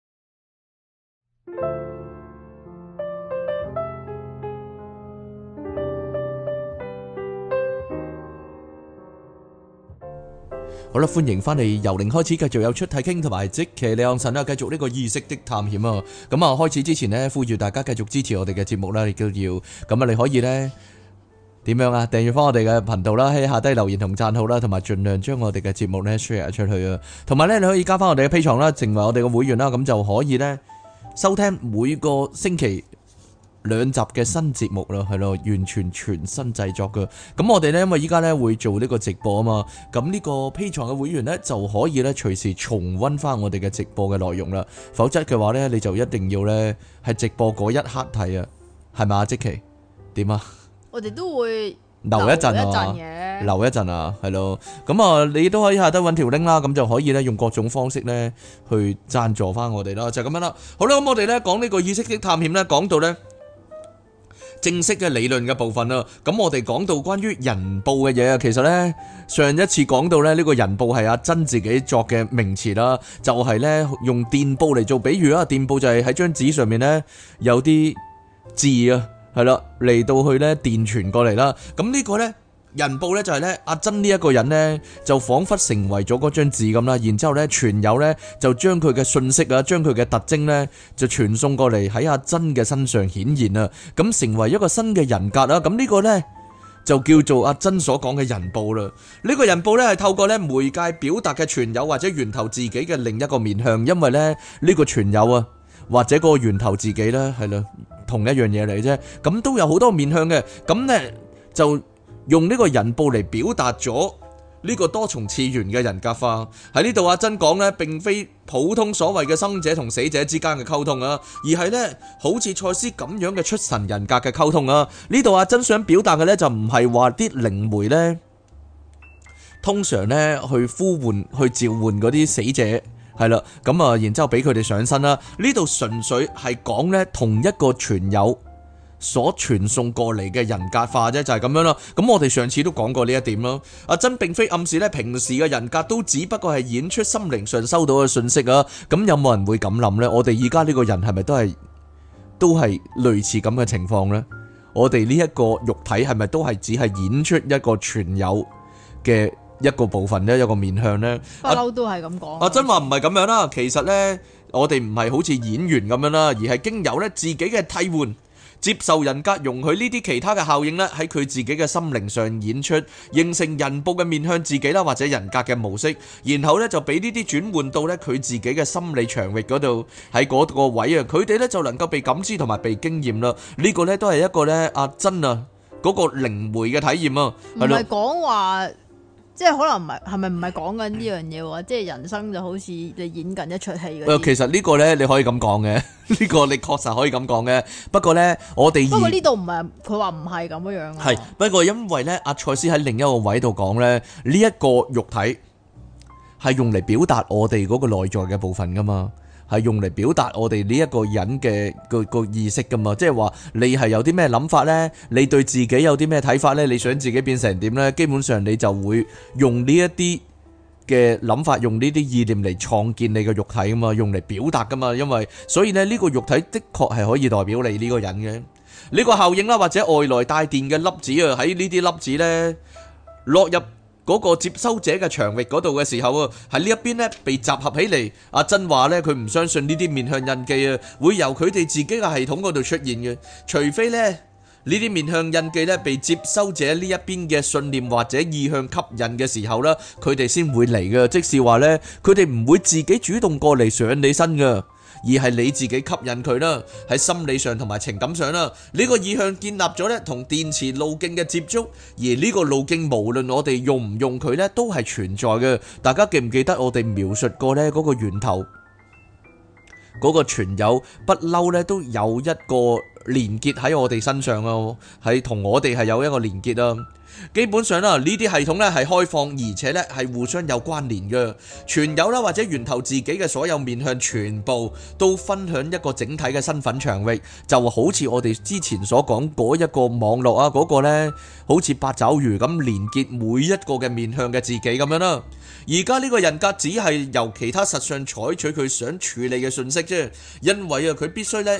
好啦，歡迎翻嚟由零開始，繼續有出題傾同埋即期李昂臣啦，繼續呢、這個意識的探險啊！咁啊、嗯，開始之前呢，呼住大家繼續支持我哋嘅節目啦，亦都要咁啊、嗯，你可以呢點樣啊？訂住翻我哋嘅頻道啦，喺下低留言同贊好啦，同埋儘量將我哋嘅節目呢 share 出去啊！同埋呢，你可以加翻我哋嘅 P 場啦，成為我哋嘅會員啦，咁、嗯、就可以呢收聽每個星期。兩集嘅新節目啦，係咯，完全全新製作嘅。咁我哋呢，因為依家呢會做呢個直播啊嘛，咁呢個 P 床嘅會員呢，就可以呢隨時重溫翻我哋嘅直播嘅內容啦。否則嘅話呢，你就一定要呢係直播嗰一刻睇啊，係嘛，即其點啊？我哋都會留一陣啊，留一陣啊，係咯。咁啊，你都可以下得揾條 link 啦，咁就可以呢用各種方式呢去贊助翻我哋啦。就咁、是、樣啦。好啦，咁我哋呢講呢個意識的探險呢，講到呢。正式嘅理論嘅部分啦，咁我哋講到關於人報嘅嘢啊，其實呢，上一次講到咧呢個人報係阿珍自己作嘅名詞啦，就係、是、呢用電報嚟做比喻啦，電報就係喺張紙上面呢有啲字啊，係啦，嚟到去呢電傳過嚟啦，咁呢個呢。人報咧就係咧阿珍呢一個人咧就仿佛成為咗嗰張紙咁啦，然之後咧傳友咧就將佢嘅信息啊，將佢嘅特徵咧就傳送過嚟喺阿珍嘅身上顯現啊，咁成為一個新嘅人格啦。咁呢個咧就叫做阿珍所講嘅人報啦。呢個人報咧係透過咧媒介表達嘅傳友或者源頭自己嘅另一個面向，因為咧呢個傳友啊或者個源頭自己咧係咯同一樣嘢嚟啫，咁都有好多面向嘅，咁咧就。用呢個人報嚟表達咗呢個多重次元嘅人格化喺呢度。阿珍講呢，並非普通所謂嘅生者同死者之間嘅溝通啊，而係呢，好似賽斯咁樣嘅出神人格嘅溝通啊。呢度阿珍想表達嘅呢，就唔係話啲靈媒呢，通常呢，去呼喚、去召喚嗰啲死者係啦。咁啊，然之後俾佢哋上身啦。呢度純粹係講呢，同一個存有，所傳送過嚟嘅人格化啫，就係咁樣啦。咁我哋上次都講過呢一點咯。阿珍並非暗示咧，平時嘅人格都只不過係演出心靈上收到嘅信息啊。咁有冇人會咁諗呢？我哋而家呢個人係咪都係都係類似咁嘅情況呢？我哋呢一個肉體係咪都係只係演出一個存有嘅一個部分呢？一個面向呢？不嬲都係咁講。阿珍話唔係咁樣啦，其實呢，我哋唔係好似演員咁樣啦，而係經由呢自己嘅替換。接受人格容許呢啲其他嘅效應呢，喺佢自己嘅心靈上演出，形成人報嘅面向自己啦，或者人格嘅模式，然後呢，就俾呢啲轉換到呢佢自己嘅心理長域嗰度，喺嗰個位啊，佢哋呢，就能夠被感知同埋被經驗啦。呢、這個呢，都係一個呢阿珍啊，嗰、那個靈媒嘅體驗啊，唔係講話。即係可能唔係，係咪唔係講緊呢樣嘢話？即係人生就好似你演緊一出戲噉。誒、呃，其實呢個呢，你可以咁講嘅，呢、這個你確實可以咁講嘅。不過呢，我哋不過呢度唔係佢話唔係咁樣。係，不過因為呢，阿、啊、賽斯喺另一個位度講呢，呢、這、一個肉體係用嚟表達我哋嗰個內在嘅部分噶嘛。係用嚟表達我哋呢一個人嘅個個意識噶嘛，即係話你係有啲咩諗法呢？你對自己有啲咩睇法呢？你想自己變成點呢？基本上你就會用呢一啲嘅諗法，用呢啲意念嚟創建你嘅肉體噶嘛，用嚟表達噶嘛。因為所以呢，呢個肉體的確係可以代表你呢個人嘅呢個效應啦，或者外來帶電嘅粒子啊，喺呢啲粒子呢落入嗰個接收者嘅場域嗰度嘅時候啊，喺呢一邊咧被集合起嚟。阿珍話呢，佢唔相信呢啲面向印記啊，會由佢哋自己嘅系統嗰度出現嘅，除非咧呢啲面向印記咧被接收者呢一邊嘅信念或者意向吸引嘅時候呢，佢哋先會嚟嘅。即是話呢，佢哋唔會自己主動過嚟上你身㗎。而係你自己吸引佢啦，喺心理上同埋情感上啦，呢個意向建立咗咧，同電磁路徑嘅接觸，而呢個路徑無論我哋用唔用佢咧，都係存在嘅。大家記唔記得我哋描述過咧嗰個源頭，嗰個存有不嬲咧都有一個。連結喺我哋身上咯，係同我哋係有一個連結啊。基本上啦，呢啲系統呢係開放，而且呢係互相有關聯嘅。全有啦，或者源頭自己嘅所有面向，全部都分享一個整體嘅身份場域，就好似我哋之前所講嗰一個網絡啊，嗰個呢好似八爪魚咁連結每一個嘅面向嘅自己咁樣啦。而家呢個人格只係由其他實相採取佢想處理嘅信息啫，因為啊，佢必須呢。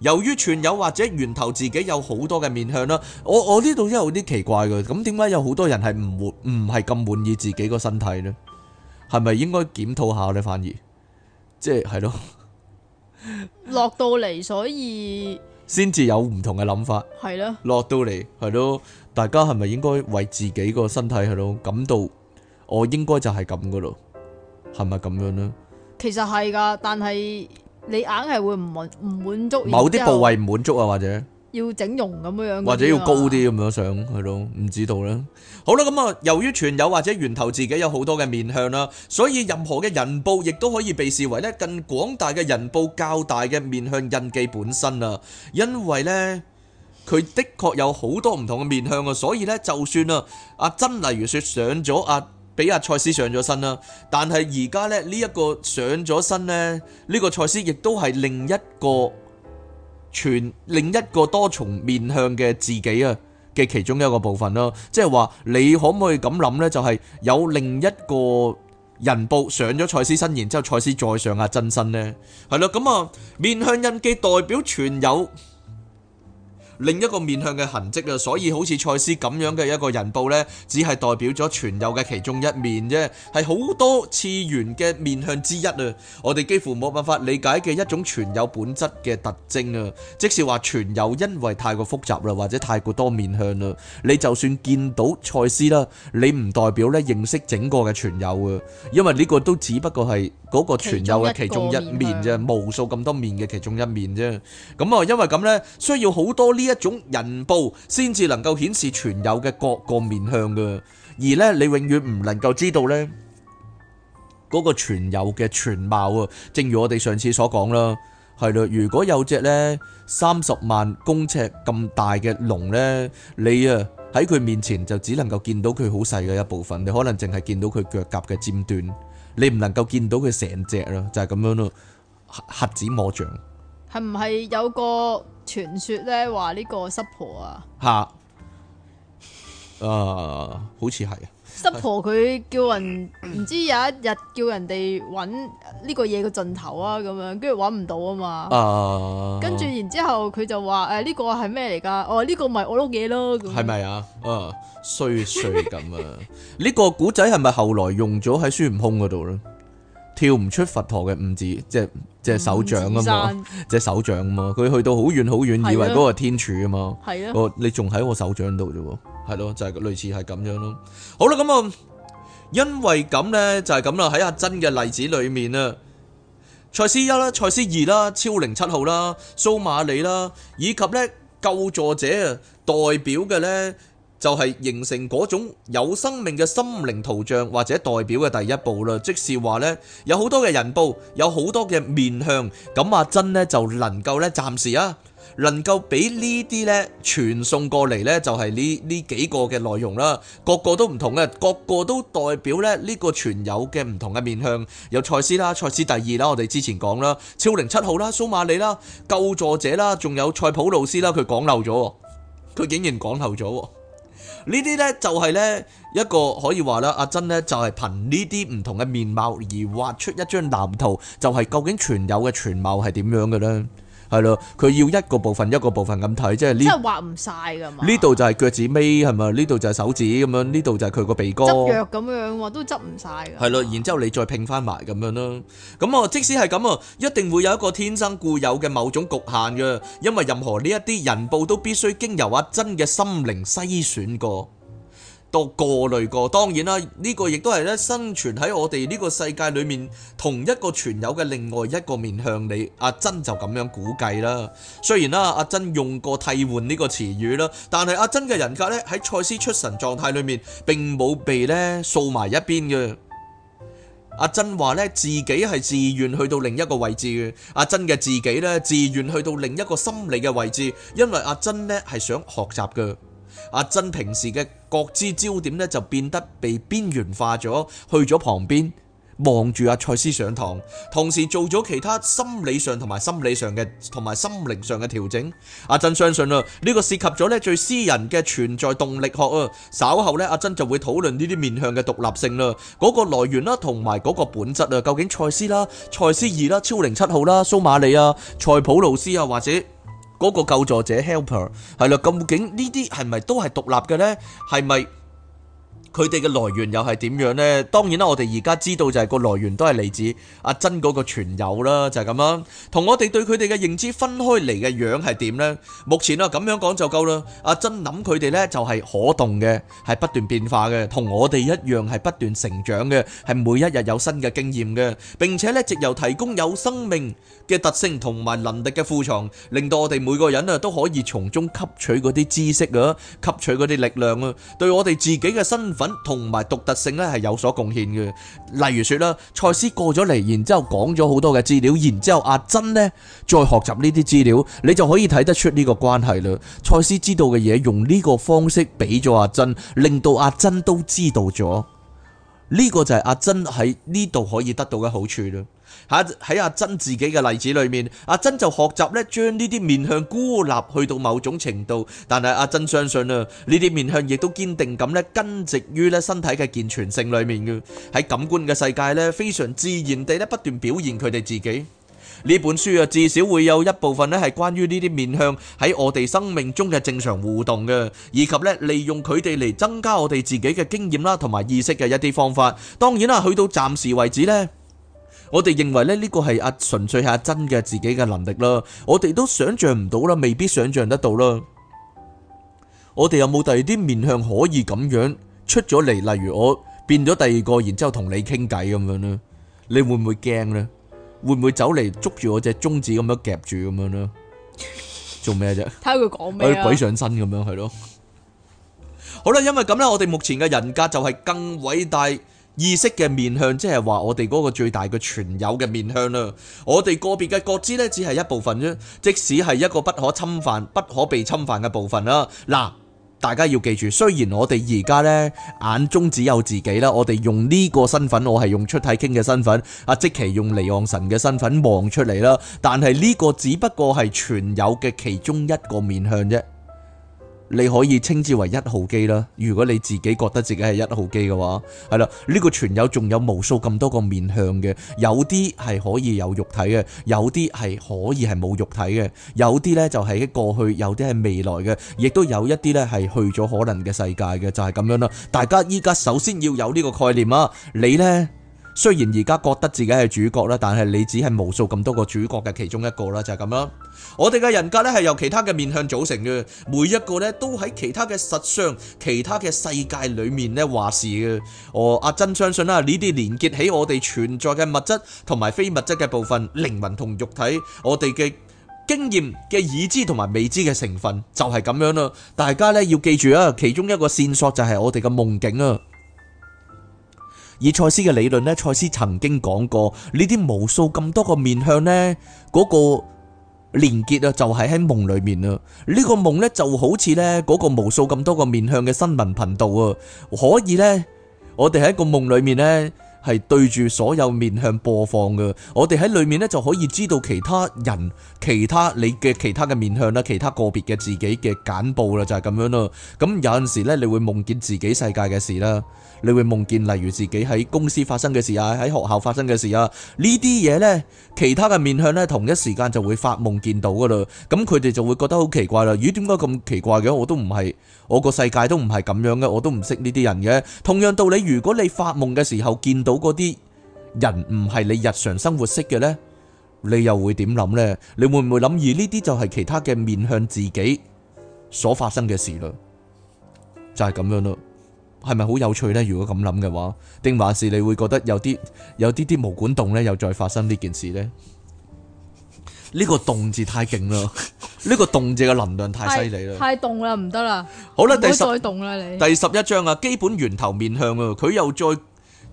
由於全有或者源頭自己有好多嘅面向啦，我我呢度真係有啲奇怪嘅，咁點解有好多人係唔滿唔係咁滿意自己個身體呢？係咪應該檢討下呢？反而即係係咯，落到嚟所以先至有唔同嘅諗法，係咯，落到嚟係咯，大家係咪應該為自己個身體係咯感到我應該就係咁噶咯？係咪咁樣呢？其實係噶，但係。你硬係會唔滿唔滿足？某啲部位唔滿足啊，或者要整容咁樣，或者要高啲咁樣上去咯，唔知道啦。好啦，咁啊，由於全有或者源頭自己有好多嘅面向啦，所以任何嘅人報亦都可以被視為咧更廣大嘅人報較大嘅面向印記本身啊。因為咧，佢的確有好多唔同嘅面向啊，所以咧，就算啊，阿真例如說上咗啊。俾阿賽斯上咗身啦，但係而家咧呢一個上咗身呢，呢、這個賽斯亦都係另一個全另一個多重面向嘅自己啊嘅其中一個部分咯，即係話你可唔可以咁諗呢？就係、是、有另一個人報上咗賽斯身，然之後賽斯再上下真身呢？係啦，咁啊，面向印記代表全有。另一個面向嘅痕跡啊，所以好似賽斯咁樣嘅一個人報咧，只係代表咗存有嘅其中一面啫，係好多次元嘅面向之一啊！我哋幾乎冇辦法理解嘅一種存有本質嘅特徵啊，即是話存有因為太過複雜啦，或者太過多面向啦，你就算見到賽斯啦，你唔代表咧認識整個嘅存有啊，因為呢個都只不過係嗰個存有嘅其中一面啫，無數咁多面嘅其中一面啫。咁啊，因為咁咧，需要好多呢，一種人報先至能夠顯示全有嘅各個面向嘅，而呢，你永遠唔能夠知道呢嗰、那個全有嘅全貌啊！正如我哋上次所講啦，係啦，如果有隻呢三十萬公尺咁大嘅龍呢，你啊喺佢面前就只能夠見到佢好細嘅一部分，你可能淨係見到佢腳甲嘅尖端，你唔能夠見到佢成隻啦，就係、是、咁樣咯，盒子摸象，係唔係有個？傳說咧話呢個濕婆啊，吓、啊，誒、呃，好似係啊。濕婆佢叫人唔知有一日叫人哋搵呢個嘢嘅盡頭啊，咁樣，跟住搵唔到啊嘛。啊，跟住然之後佢就話誒，呢個係咩嚟噶？哦，呢個咪我碌嘢咯，係咪啊？誒、呃，衰衰咁啊！呢 個古仔係咪後來用咗喺孫悟空嗰度咧？跳唔出佛陀嘅五指，即係即係手掌啊嘛，即係手掌啊嘛。佢去到好遠好遠，以為嗰個係天柱啊嘛。哦的，你仲喺我手掌度啫喎。係咯，就係、是、類似係咁樣咯。好啦，咁啊，因為咁咧就係咁啦。喺阿珍嘅例子裏面啊，賽斯一啦、賽斯二啦、超靈七號啦、蘇瑪里啦，以及咧救助者啊代表嘅咧。就係形成嗰種有生命嘅心靈圖像或者代表嘅第一步啦，即是話咧有好多嘅人報，有好多嘅面向，咁阿珍咧就能夠咧暫時啊，能夠俾呢啲咧傳送過嚟咧，就係呢呢幾個嘅內容啦，個個都唔同嘅，個個都代表咧呢個存有嘅唔同嘅面向，有賽斯啦，賽斯第二啦，我哋之前講啦，超靈七號啦，蘇馬里啦，救助者啦，仲有賽普魯斯啦，佢講漏咗，佢竟然講漏咗。呢啲呢，就係呢一個可以話啦，阿珍呢，就係憑呢啲唔同嘅面貌而畫出一張藍圖，就係究竟存有嘅全貌係點樣嘅呢？係咯，佢要一個部分一個部分咁睇，即係呢，即係畫唔晒噶嘛。呢度就係腳趾尾係咪？呢度就係手指咁樣，呢度就係佢個鼻哥。執藥咁樣喎，都執唔晒噶。係咯，然之後你再拼翻埋咁樣咯。咁啊，即使係咁啊，一定會有一個天生固有嘅某種局限噶，因為任何呢一啲人報都必須經由阿珍嘅心靈篩選過。都過濾過，當然啦，呢個亦都係咧生存喺我哋呢個世界裏面同一個存有嘅另外一個面向。你阿珍就咁樣估計啦。雖然啦，阿珍用過替換呢個詞語啦，但係阿珍嘅人格呢，喺賽斯出神狀態裏面並冇被呢掃埋一邊嘅。阿珍話呢，自己係自願去到另一個位置嘅。阿珍嘅自己呢，自願去到另一個心理嘅位置，因為阿珍呢係想學習嘅。阿珍平時嘅覺知焦點呢，就變得被邊緣化咗，去咗旁邊望住阿賽斯上堂，同時做咗其他心理上同埋心理上嘅同埋心靈上嘅調整。阿珍相信啦，呢、這個涉及咗呢最私人嘅存在動力學啊。稍後呢，阿珍就會討論呢啲面向嘅獨立性啦，嗰、那個來源啦，同埋嗰個本質啊，究竟賽斯啦、賽斯二啦、超靈七號啦、蘇瑪利啊、塞普路斯啊或者。嗰個救助者 helper 係啦，究竟呢啲係咪都係獨立嘅咧？係咪？佢哋嘅來源又係點樣咧？當然啦，我哋而家知道就係個來源都係嚟自阿珍嗰個傳友啦，就係咁樣。同我哋對佢哋嘅認知分開嚟嘅樣係點咧？目前啊，咁樣講就夠啦。阿珍諗佢哋咧就係可動嘅，係不斷變化嘅，同我哋一樣係不斷成長嘅，係每一日有新嘅經驗嘅。並且咧，藉由提供有生命嘅特性同埋能力嘅庫藏，令到我哋每個人啊都可以從中吸取嗰啲知識啊，吸取嗰啲力量啊，對我哋自己嘅身同埋獨特性咧係有所貢獻嘅，例如說啦，賽斯過咗嚟，然之後講咗好多嘅資料，然之後阿珍呢再學習呢啲資料，你就可以睇得出呢個關係啦。賽斯知道嘅嘢，用呢個方式俾咗阿珍，令到阿珍都知道咗，呢、呢個就係阿珍喺呢度可以得到嘅好處啦。喺喺阿珍自己嘅例子裏面，阿珍就學習咧將呢啲面向孤立去到某種程度，但係阿珍相信啊呢啲面向亦都堅定咁咧根植於咧身體嘅健全性裏面嘅。喺感官嘅世界咧，非常自然地咧不斷表現佢哋自己。呢本書啊，至少會有一部分咧係關於呢啲面向喺我哋生命中嘅正常互動嘅，以及咧利用佢哋嚟增加我哋自己嘅經驗啦，同埋意識嘅一啲方法。當然啦，去到暫時為止咧。我哋認為咧呢個係阿純粹係真嘅自己嘅能力啦，我哋都想象唔到啦，未必想象得到啦。我哋有冇第二啲面向可以咁樣出咗嚟？例如我變咗第二個，然之後同你傾偈咁樣呢，你會唔會驚呢？會唔會走嚟捉住我隻中指咁樣夾住咁樣呢？做咩啫？睇佢講咩？鬼上身咁樣係咯。好啦，因為咁咧，我哋目前嘅人格就係更偉大意識嘅面向，即係話我哋嗰個最大嘅存有嘅面向啦。我哋個別嘅覺知呢，只係一部分啫。即使係一個不可侵犯、不可被侵犯嘅部分啦。嗱，大家要記住，雖然我哋而家呢，眼中只有自己啦，我哋用呢個身份，我係用出體傾嘅身份，阿即其用尼昂神嘅身份望出嚟啦。但係呢個只不過係存有嘅其中一個面向啫。你可以稱之為一號機啦。如果你自己覺得自己係一號機嘅話，係啦，呢、這個全有仲有無數咁多個面向嘅，有啲係可以有肉體嘅，有啲係可以係冇肉體嘅，有啲呢就係過去，有啲係未來嘅，亦都有一啲呢係去咗可能嘅世界嘅，就係、是、咁樣啦。大家依家首先要有呢個概念啊。你呢。雖然而家覺得自己係主角啦，但係你只係無數咁多個主角嘅其中一個啦，就係咁啦。我哋嘅人格呢，係由其他嘅面向組成嘅，每一個呢，都喺其他嘅實相、其他嘅世界裡面呢話事嘅。哦，阿珍相信啦，呢啲連結起我哋存在嘅物質同埋非物質嘅部分、靈魂同肉體，我哋嘅經驗嘅已知同埋未知嘅成分就係咁樣啦。大家呢，要記住啊，其中一個線索就係我哋嘅夢境啊。以賽斯嘅理論咧，賽斯曾經講過呢啲無數咁多個面向呢，嗰、嗰個連結啊，就係喺夢裡面啊。呢、呢個夢呢，就好似呢嗰個無數咁多個面向嘅新聞頻道啊，可以呢，我哋喺個夢裡面呢。係對住所有面向播放嘅，我哋喺裏面呢，就可以知道其他人、其他你嘅其他嘅面向啦，其他個別嘅自己嘅簡報啦，就係咁樣咯。咁有陣時呢，你會夢見自己世界嘅事啦，你會夢見例如自己喺公司發生嘅事啊，喺學校發生嘅事啊，呢啲嘢呢，其他嘅面向呢，同一時間就會發夢見到噶啦。咁佢哋就會覺得好奇怪啦，咦？點解咁奇怪嘅？我都唔係我個世界都唔係咁樣嘅，我都唔識呢啲人嘅。同樣道理，如果你發夢嘅時候見到，到嗰啲人唔係你日常生活識嘅咧，你又會點諗咧？你會唔會諗？而呢啲就係其他嘅面向自己所發生嘅事咯，就係咁樣咯。係咪好有趣咧？如果咁諗嘅話，定還是你會覺得有啲有啲啲毛管戙咧？又再發生呢件事咧？呢個戙字太勁啦，呢個戙字嘅能量太犀利啦，太戙啦，唔得啦。好啦，第十動啦，你第十一章啊，基本源頭面向啊，佢又再。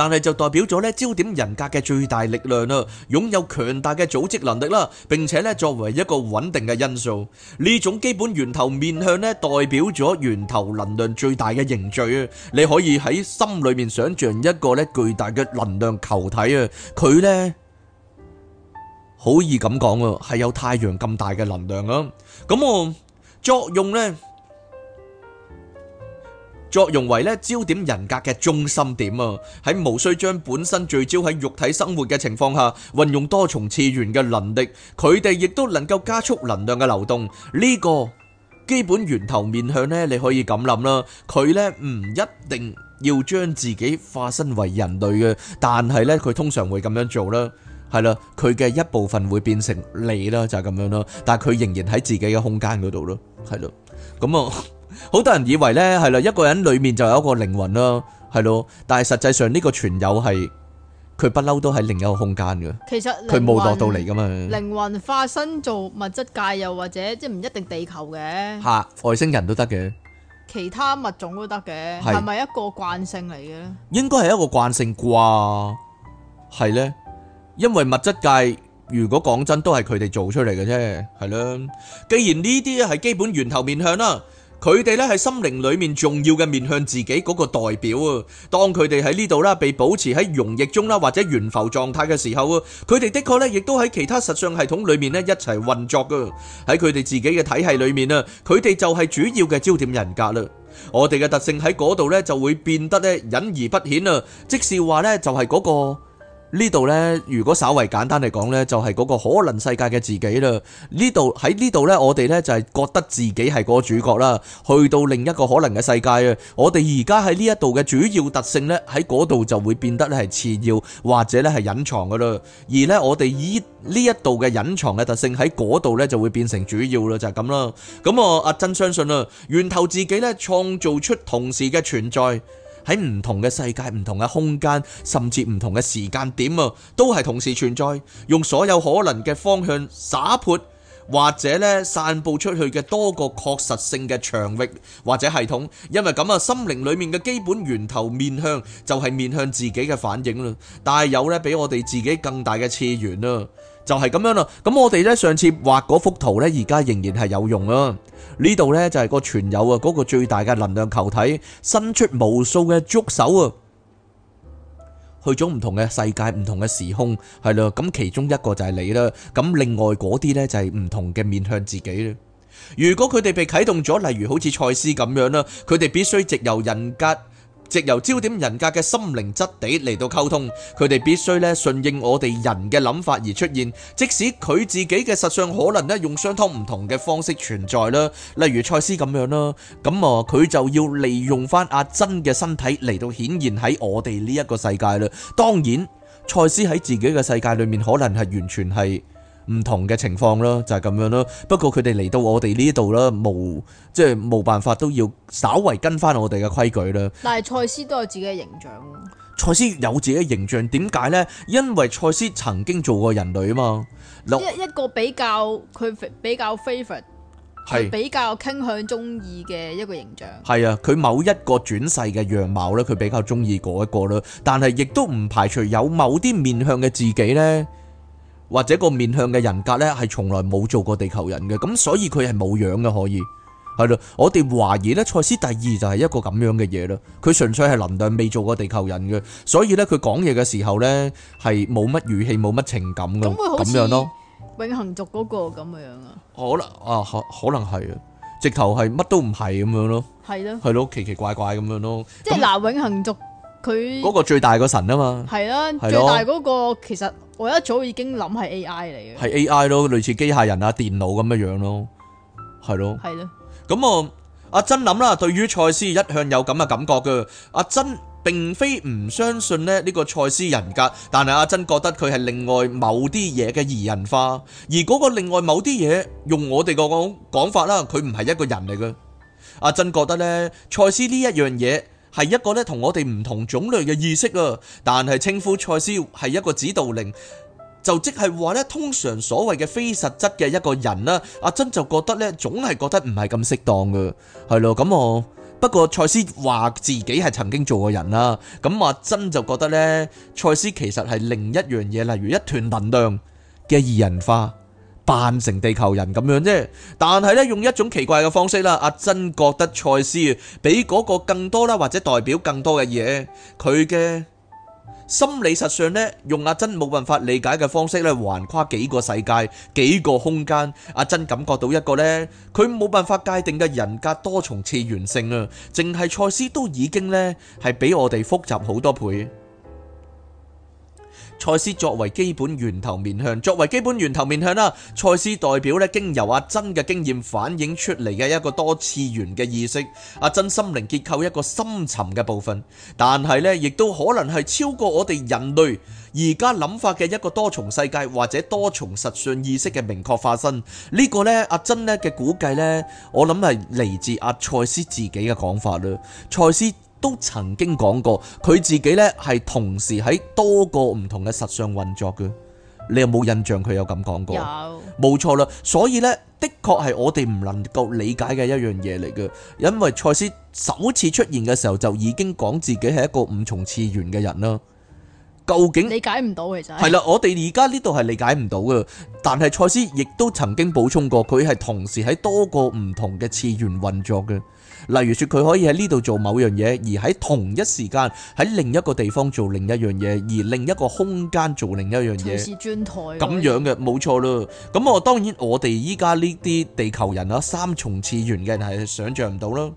但係就代表咗咧，焦點人格嘅最大力量啦，擁有強大嘅組織能力啦，並且咧，作為一個穩定嘅因素，呢種基本源頭面向咧，代表咗源頭能量最大嘅凝聚啊！你可以喺心裏面想象一個咧，巨大嘅能量球體啊，佢咧，好易咁講啊，係有太陽咁大嘅能量啊！咁我作用咧。作用為咧焦點人格嘅中心點啊！喺無需將本身聚焦喺肉體生活嘅情況下，運用多重次元嘅能力，佢哋亦都能夠加速能量嘅流動。呢個基本源頭面向呢，你可以咁諗啦。佢呢唔一定要將自己化身為人類嘅，但係呢佢通常會咁樣做啦。係啦，佢嘅一部分會變成你啦，就係咁樣啦。但係佢仍然喺自己嘅空間嗰度咯，係咯。咁啊～好多人以為咧係啦，一個人裏面就有一個靈魂啦，係咯。但係實際上呢個存有係佢不嬲都喺另一個空間嘅，其實佢冇落到嚟噶嘛。靈魂化身做物質界，又或者即係唔一定地球嘅吓、啊、外星人都得嘅，其他物種都得嘅，係咪是一個慣性嚟嘅咧？應該係一個慣性啩係呢？因為物質界如果講真都係佢哋做出嚟嘅啫，係咯。既然呢啲係基本源頭面向啦、啊。佢哋咧係心靈裏面重要嘅面向自己嗰個代表啊！當佢哋喺呢度啦，被保持喺溶液中啦，或者懸浮狀態嘅時候啊，佢哋的確咧亦都喺其他實相系統裏面咧一齊運作噶。喺佢哋自己嘅體系裏面啊，佢哋就係主要嘅焦點人格啦。我哋嘅特性喺嗰度咧就會變得咧隱而不顯啊，即是話咧就係嗰個。呢度呢，如果稍微簡單嚟講呢就係、是、嗰個可能世界嘅自己啦。呢度喺呢度呢，我哋呢就係覺得自己係嗰個主角啦。去到另一個可能嘅世界啊，我哋而家喺呢一度嘅主要特性呢，喺嗰度就會變得咧係次要或者咧係隱藏噶啦。而呢，我哋依呢一度嘅隱藏嘅特性喺嗰度呢就會變成主要啦，就係咁啦。咁啊，阿珍相信啦，源頭自己呢創造出同時嘅存在。喺唔同嘅世界、唔同嘅空間，甚至唔同嘅時間點啊，都係同時存在，用所有可能嘅方向灑潑，或者咧散佈出去嘅多個確實性嘅長域或者系統。因為咁啊，心靈裏面嘅基本源頭面向就係、是、面向自己嘅反應啦。但係有咧比我哋自己更大嘅次元啦，就係、是、咁樣啦。咁我哋咧上次畫嗰幅圖咧，而家仍然係有用啊。呢度呢就係個全友啊，嗰個最大嘅能量球體，伸出無數嘅觸手啊，去咗唔同嘅世界、唔同嘅時空，係啦，咁其中一個就係你啦，咁另外嗰啲呢就係唔同嘅面向自己啦。如果佢哋被啟動咗，例如好似賽斯咁樣啦，佢哋必須藉由人格。藉由焦點人格嘅心靈質地嚟到溝通，佢哋必須咧順應我哋人嘅諗法而出現，即使佢自己嘅實相可能咧用相當唔同嘅方式存在啦，例如賽斯咁樣啦，咁啊佢就要利用翻阿珍嘅身體嚟到顯現喺我哋呢一個世界啦。當然，賽斯喺自己嘅世界裏面可能係完全係。唔同嘅情況咯，就係咁樣咯。不過佢哋嚟到我哋呢度啦，冇即係冇辦法，都要稍為跟翻我哋嘅規矩啦。但係賽斯都有自己嘅形象。賽斯有自己嘅形象，點解呢？因為賽斯曾經做過人類啊嘛。一一個比較佢，比較 favorite 係比較傾向中意嘅一個形象。係啊，佢某一個轉世嘅樣貌咧，佢比較中意嗰一個啦。但係亦都唔排除有某啲面向嘅自己呢，或者個面向嘅人格咧，係從來冇做過地球人嘅，咁所以佢係冇樣嘅，可以係咯。我哋懷疑咧，賽斯第二就係一個咁樣嘅嘢咯。佢純粹係能量未做過地球人嘅，所以咧佢講嘢嘅時候咧係冇乜語氣，冇乜情感嘅，咁樣咯。永恆族嗰個咁樣啊？可能啊，可可能係啊，直頭係乜都唔係咁樣咯。係咯，係咯，奇奇怪怪咁樣咯。即係嗱，永恆族佢嗰個最大個神啊嘛。係啦，最大嗰個其實。我一早已經諗係 AI 嚟嘅，係 AI 咯，類似機械人啊、電腦咁樣樣咯，係咯，係咯。咁啊，阿珍諗啦，對於賽斯一向有咁嘅感覺嘅，阿珍並非唔相信咧呢個賽斯人格，但係阿珍覺得佢係另外某啲嘢嘅擬人化，而嗰個另外某啲嘢，用我哋個講法啦，佢唔係一個人嚟嘅。阿珍覺得咧，賽斯呢一樣嘢，係一個咧同我哋唔同種類嘅意識啊，但係稱呼賽斯係一個指導令，就即係話咧，通常所謂嘅非實質嘅一個人啦，阿珍就覺得咧，總係覺得唔係咁適當嘅，係咯，咁我不過賽斯話自己係曾經做過人啦，咁阿珍就覺得咧，賽斯其實係另一樣嘢，例如一團能量嘅二人化。扮成地球人咁樣啫，但係咧用一種奇怪嘅方式啦。阿珍覺得賽斯比嗰個更多啦，或者代表更多嘅嘢。佢嘅心理實上咧，用阿珍冇辦法理解嘅方式咧，橫跨幾個世界、幾個空間。阿珍感覺到一個咧，佢冇辦法界定嘅人格多重次元性啊，淨係賽斯都已經咧係比我哋複雜好多倍。賽斯作為基本源頭面向，作為基本源頭面向啦，賽斯代表咧經由阿珍嘅經驗反映出嚟嘅一個多次元嘅意識，阿珍心靈結構一個深沉嘅部分，但係咧亦都可能係超過我哋人類而家諗法嘅一個多重世界或者多重實相意識嘅明確化身。呢、這個呢，阿珍咧嘅估計呢，我諗係嚟自阿賽斯自己嘅講法啦，賽斯。都曾經講過，佢自己呢係同時喺多個唔同嘅實相運作嘅。你有冇印象佢有咁講過？有，冇錯啦。所以呢，的確係我哋唔能夠理解嘅一樣嘢嚟嘅。因為賽斯首次出現嘅時候就已經講自己係一個五重次元嘅人啦。究竟，理解唔到其實係啦，我哋而家呢度係理解唔到嘅。但係賽斯亦都曾經補充過，佢係同時喺多個唔同嘅次元運作嘅。例如說佢可以喺呢度做某樣嘢，而喺同一時間喺另一個地方做另一樣嘢，而另一個空間做另一樣嘢，咁樣嘅，冇錯咯。咁、嗯、我當然我哋依家呢啲地球人呀，三重次元嘅人係想象唔到啦。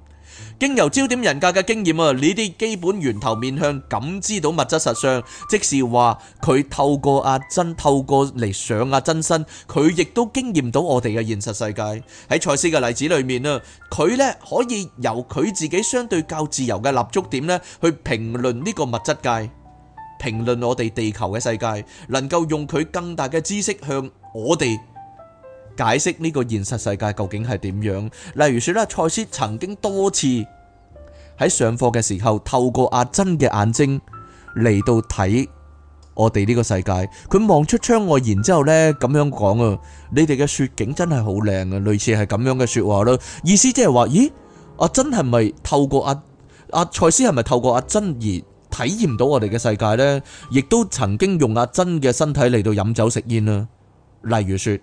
經由焦點人格嘅經驗啊，呢啲基本源頭面向感知到物質實相，即是話佢透過阿珍、透過嚟想阿珍身，佢亦都經驗到我哋嘅現實世界。喺賽斯嘅例子裏面啊，佢咧可以由佢自己相對較自由嘅立足點咧，去評論呢個物質界，評論我哋地球嘅世界，能夠用佢更大嘅知識向我哋。解釋呢個現實世界究竟係點樣？例如說咧，賽斯曾經多次喺上課嘅時候透過阿珍嘅眼睛嚟到睇我哋呢個世界。佢望出窗外，然之後咧咁樣講啊：你哋嘅雪景真係好靚啊！類似係咁樣嘅說話咯。意思即係話，咦？阿珍係咪透過阿阿賽斯係咪透過阿珍而體驗到我哋嘅世界呢？亦都曾經用阿珍嘅身體嚟到飲酒食煙啊。例如說。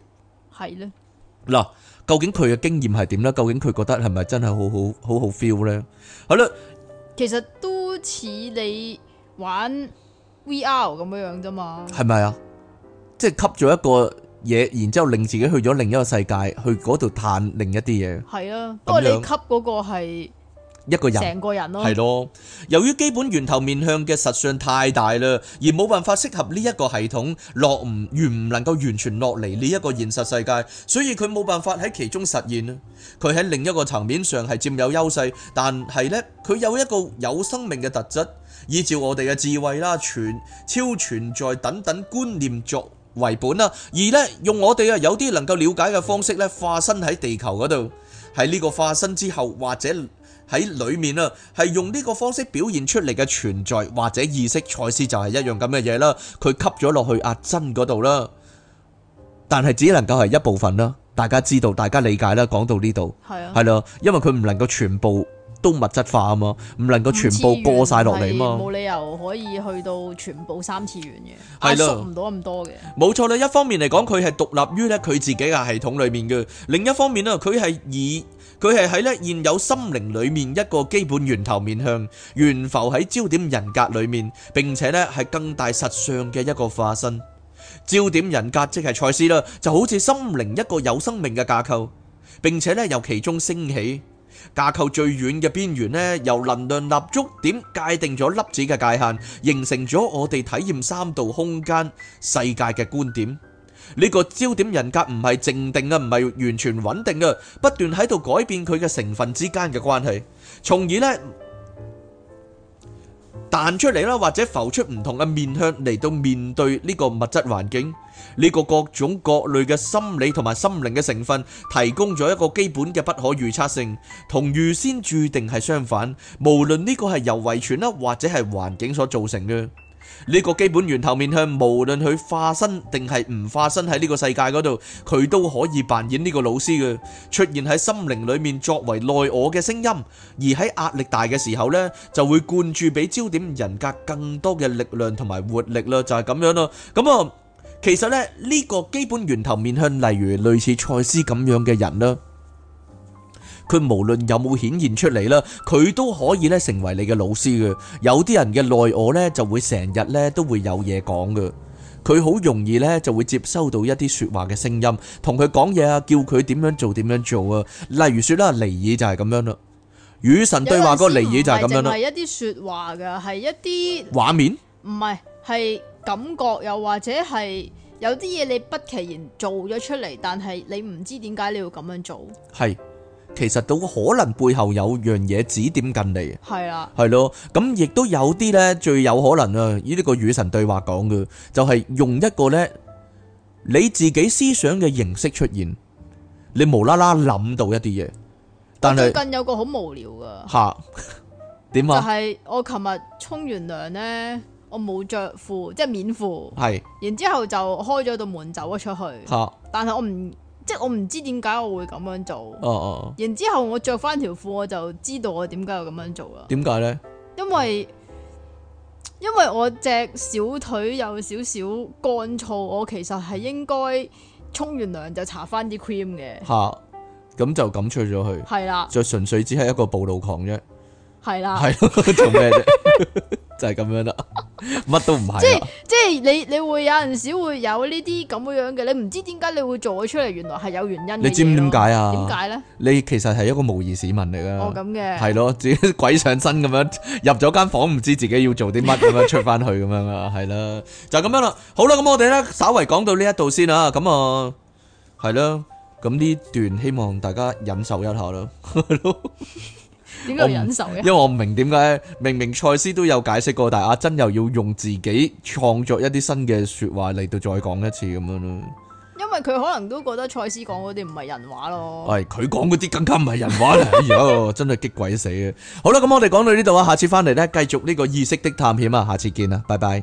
係咧，嗱，究竟佢嘅經驗係點咧？究竟佢覺得係咪真係好好好好 feel 咧？係咯，其實都似你玩 VR 咁樣樣啫嘛，係咪啊？即係吸咗一個嘢，然之後令自己去咗另一個世界，去嗰度探另一啲嘢。係啊，不過你吸嗰個係。一個人成個人咯，係咯。由於基本源頭面向嘅實相太大啦，而冇辦法適合呢一個系統落唔完，唔能夠完全落嚟呢一個現實世界，所以佢冇辦法喺其中實現啊。佢喺另一個層面上係佔有優勢，但係咧佢有一個有生命嘅特質，依照我哋嘅智慧啦、存超存在等等觀念作為本啦，而咧用我哋啊有啲能夠了解嘅方式咧化身喺地球嗰度，喺呢個化身之後或者。喺裏面啊，係用呢個方式表現出嚟嘅存在或者意識，賽斯就係一樣咁嘅嘢啦。佢吸咗落去阿珍嗰度啦，但係只能夠係一部分啦。大家知道，大家理解啦。講到呢度係啊，係咯，因為佢唔能夠全部都物質化啊嘛，唔能夠全部過晒落嚟啊嘛，冇理由可以去到全部三次元嘅，係咯，唔到咁多嘅。冇錯啦，一方面嚟講，佢係獨立於咧佢自己嘅系統裏面嘅；另一方面呢，佢係以。佢係喺呢現有心靈裏面一個基本源頭面向懸浮喺焦點人格裏面，並且呢係更大實相嘅一個化身。焦點人格即係賽斯啦，就好似心靈一個有生命嘅架構，並且呢由其中升起。架構最遠嘅邊緣呢，由能量立足點界定咗粒子嘅界限，形成咗我哋體驗三度空間世界嘅觀點。呢個焦點人格唔係靜定嘅，唔係完全穩定嘅，不斷喺度改變佢嘅成分之間嘅關係，從而呢彈出嚟啦，或者浮出唔同嘅面向嚟到面對呢個物質環境，呢、這個各種各類嘅心理同埋心靈嘅成分，提供咗一個基本嘅不可預測性，同預先註定係相反。無論呢個係由遺傳啦，或者係環境所造成嘅。呢個基本源頭面向，無論佢化身定係唔化身喺呢個世界嗰度，佢都可以扮演呢個老師嘅，出現喺心靈裏面作為內我嘅聲音，而喺壓力大嘅時候呢，就會灌注俾焦點人格更多嘅力量同埋活力啦，就係、是、咁樣咯。咁、嗯、啊，其實咧呢、呢個基本源頭面向，例如類似賽斯咁樣嘅人啦。佢無論有冇顯現出嚟啦，佢都可以咧成為你嘅老師嘅。有啲人嘅內我咧就會成日咧都會有嘢講嘅。佢好容易咧就會接收到一啲說話嘅聲音，同佢講嘢啊，叫佢點樣做點樣做啊。例如說啦，尼爾就係咁樣啦，與神對話嗰個尼爾就係咁樣啦。係一啲說話噶，係一啲畫面，唔係係感覺，又或者係有啲嘢你不其然做咗出嚟，但係你唔知點解你要咁樣做。係。其實都可能背後有樣嘢指點緊你，係啊的，係咯，咁亦都有啲呢，最有可能啊！以呢個與神對話講嘅，就係、是、用一個呢，你自己思想嘅形式出現，你無啦啦諗到一啲嘢，但係最近有個好無聊噶吓，點啊？就係我琴日沖完涼呢，我冇着褲，即係免褲，係，然之後就開咗道門走咗出去，吓的，但係我唔。即我唔知點解我會咁樣做，哦哦、然之後我着翻條褲我就知道我點解要咁樣做啦。點解呢？因為因為我隻小腿有少少乾燥，我其實係應該沖完涼就搽翻啲 cream 嘅。吓、啊，咁就咁出咗去。係啦，就純粹只係一個暴露狂啫。係是啦 麼，係 咯、啊，做咩啫？就係咁樣啦，乜都唔係。即係即係，你你會有陣時會有呢啲咁樣嘅，你唔知點解你會做咗出嚟，原來係有原因嘅。你知唔知點解啊？點解咧？你其實係一個模擬市民嚟啊！哦，咁嘅係咯，自己鬼上身咁樣入咗間房，唔知自己要做啲乜咁樣，出翻去咁樣啊，係啦，就咁、是、樣啦。好啦，咁我哋咧，稍為講到呢一度先啊。咁啊，係啦，咁呢、uh, 段希望大家忍受一下啦。 點解要忍受嘅？因為我唔明點解，明明賽斯都有解釋過，但阿珍又要用自己創作一啲新嘅說話嚟到再講一次咁樣咯。因為佢可能都覺得賽斯講嗰啲唔係人話咯。係佢講嗰啲更加唔係人話啊！ 哎呀，真係激鬼死啊！好啦，咁我哋講到呢度啊，下次翻嚟咧繼續呢個意識的探險啊，下次見啦，拜拜。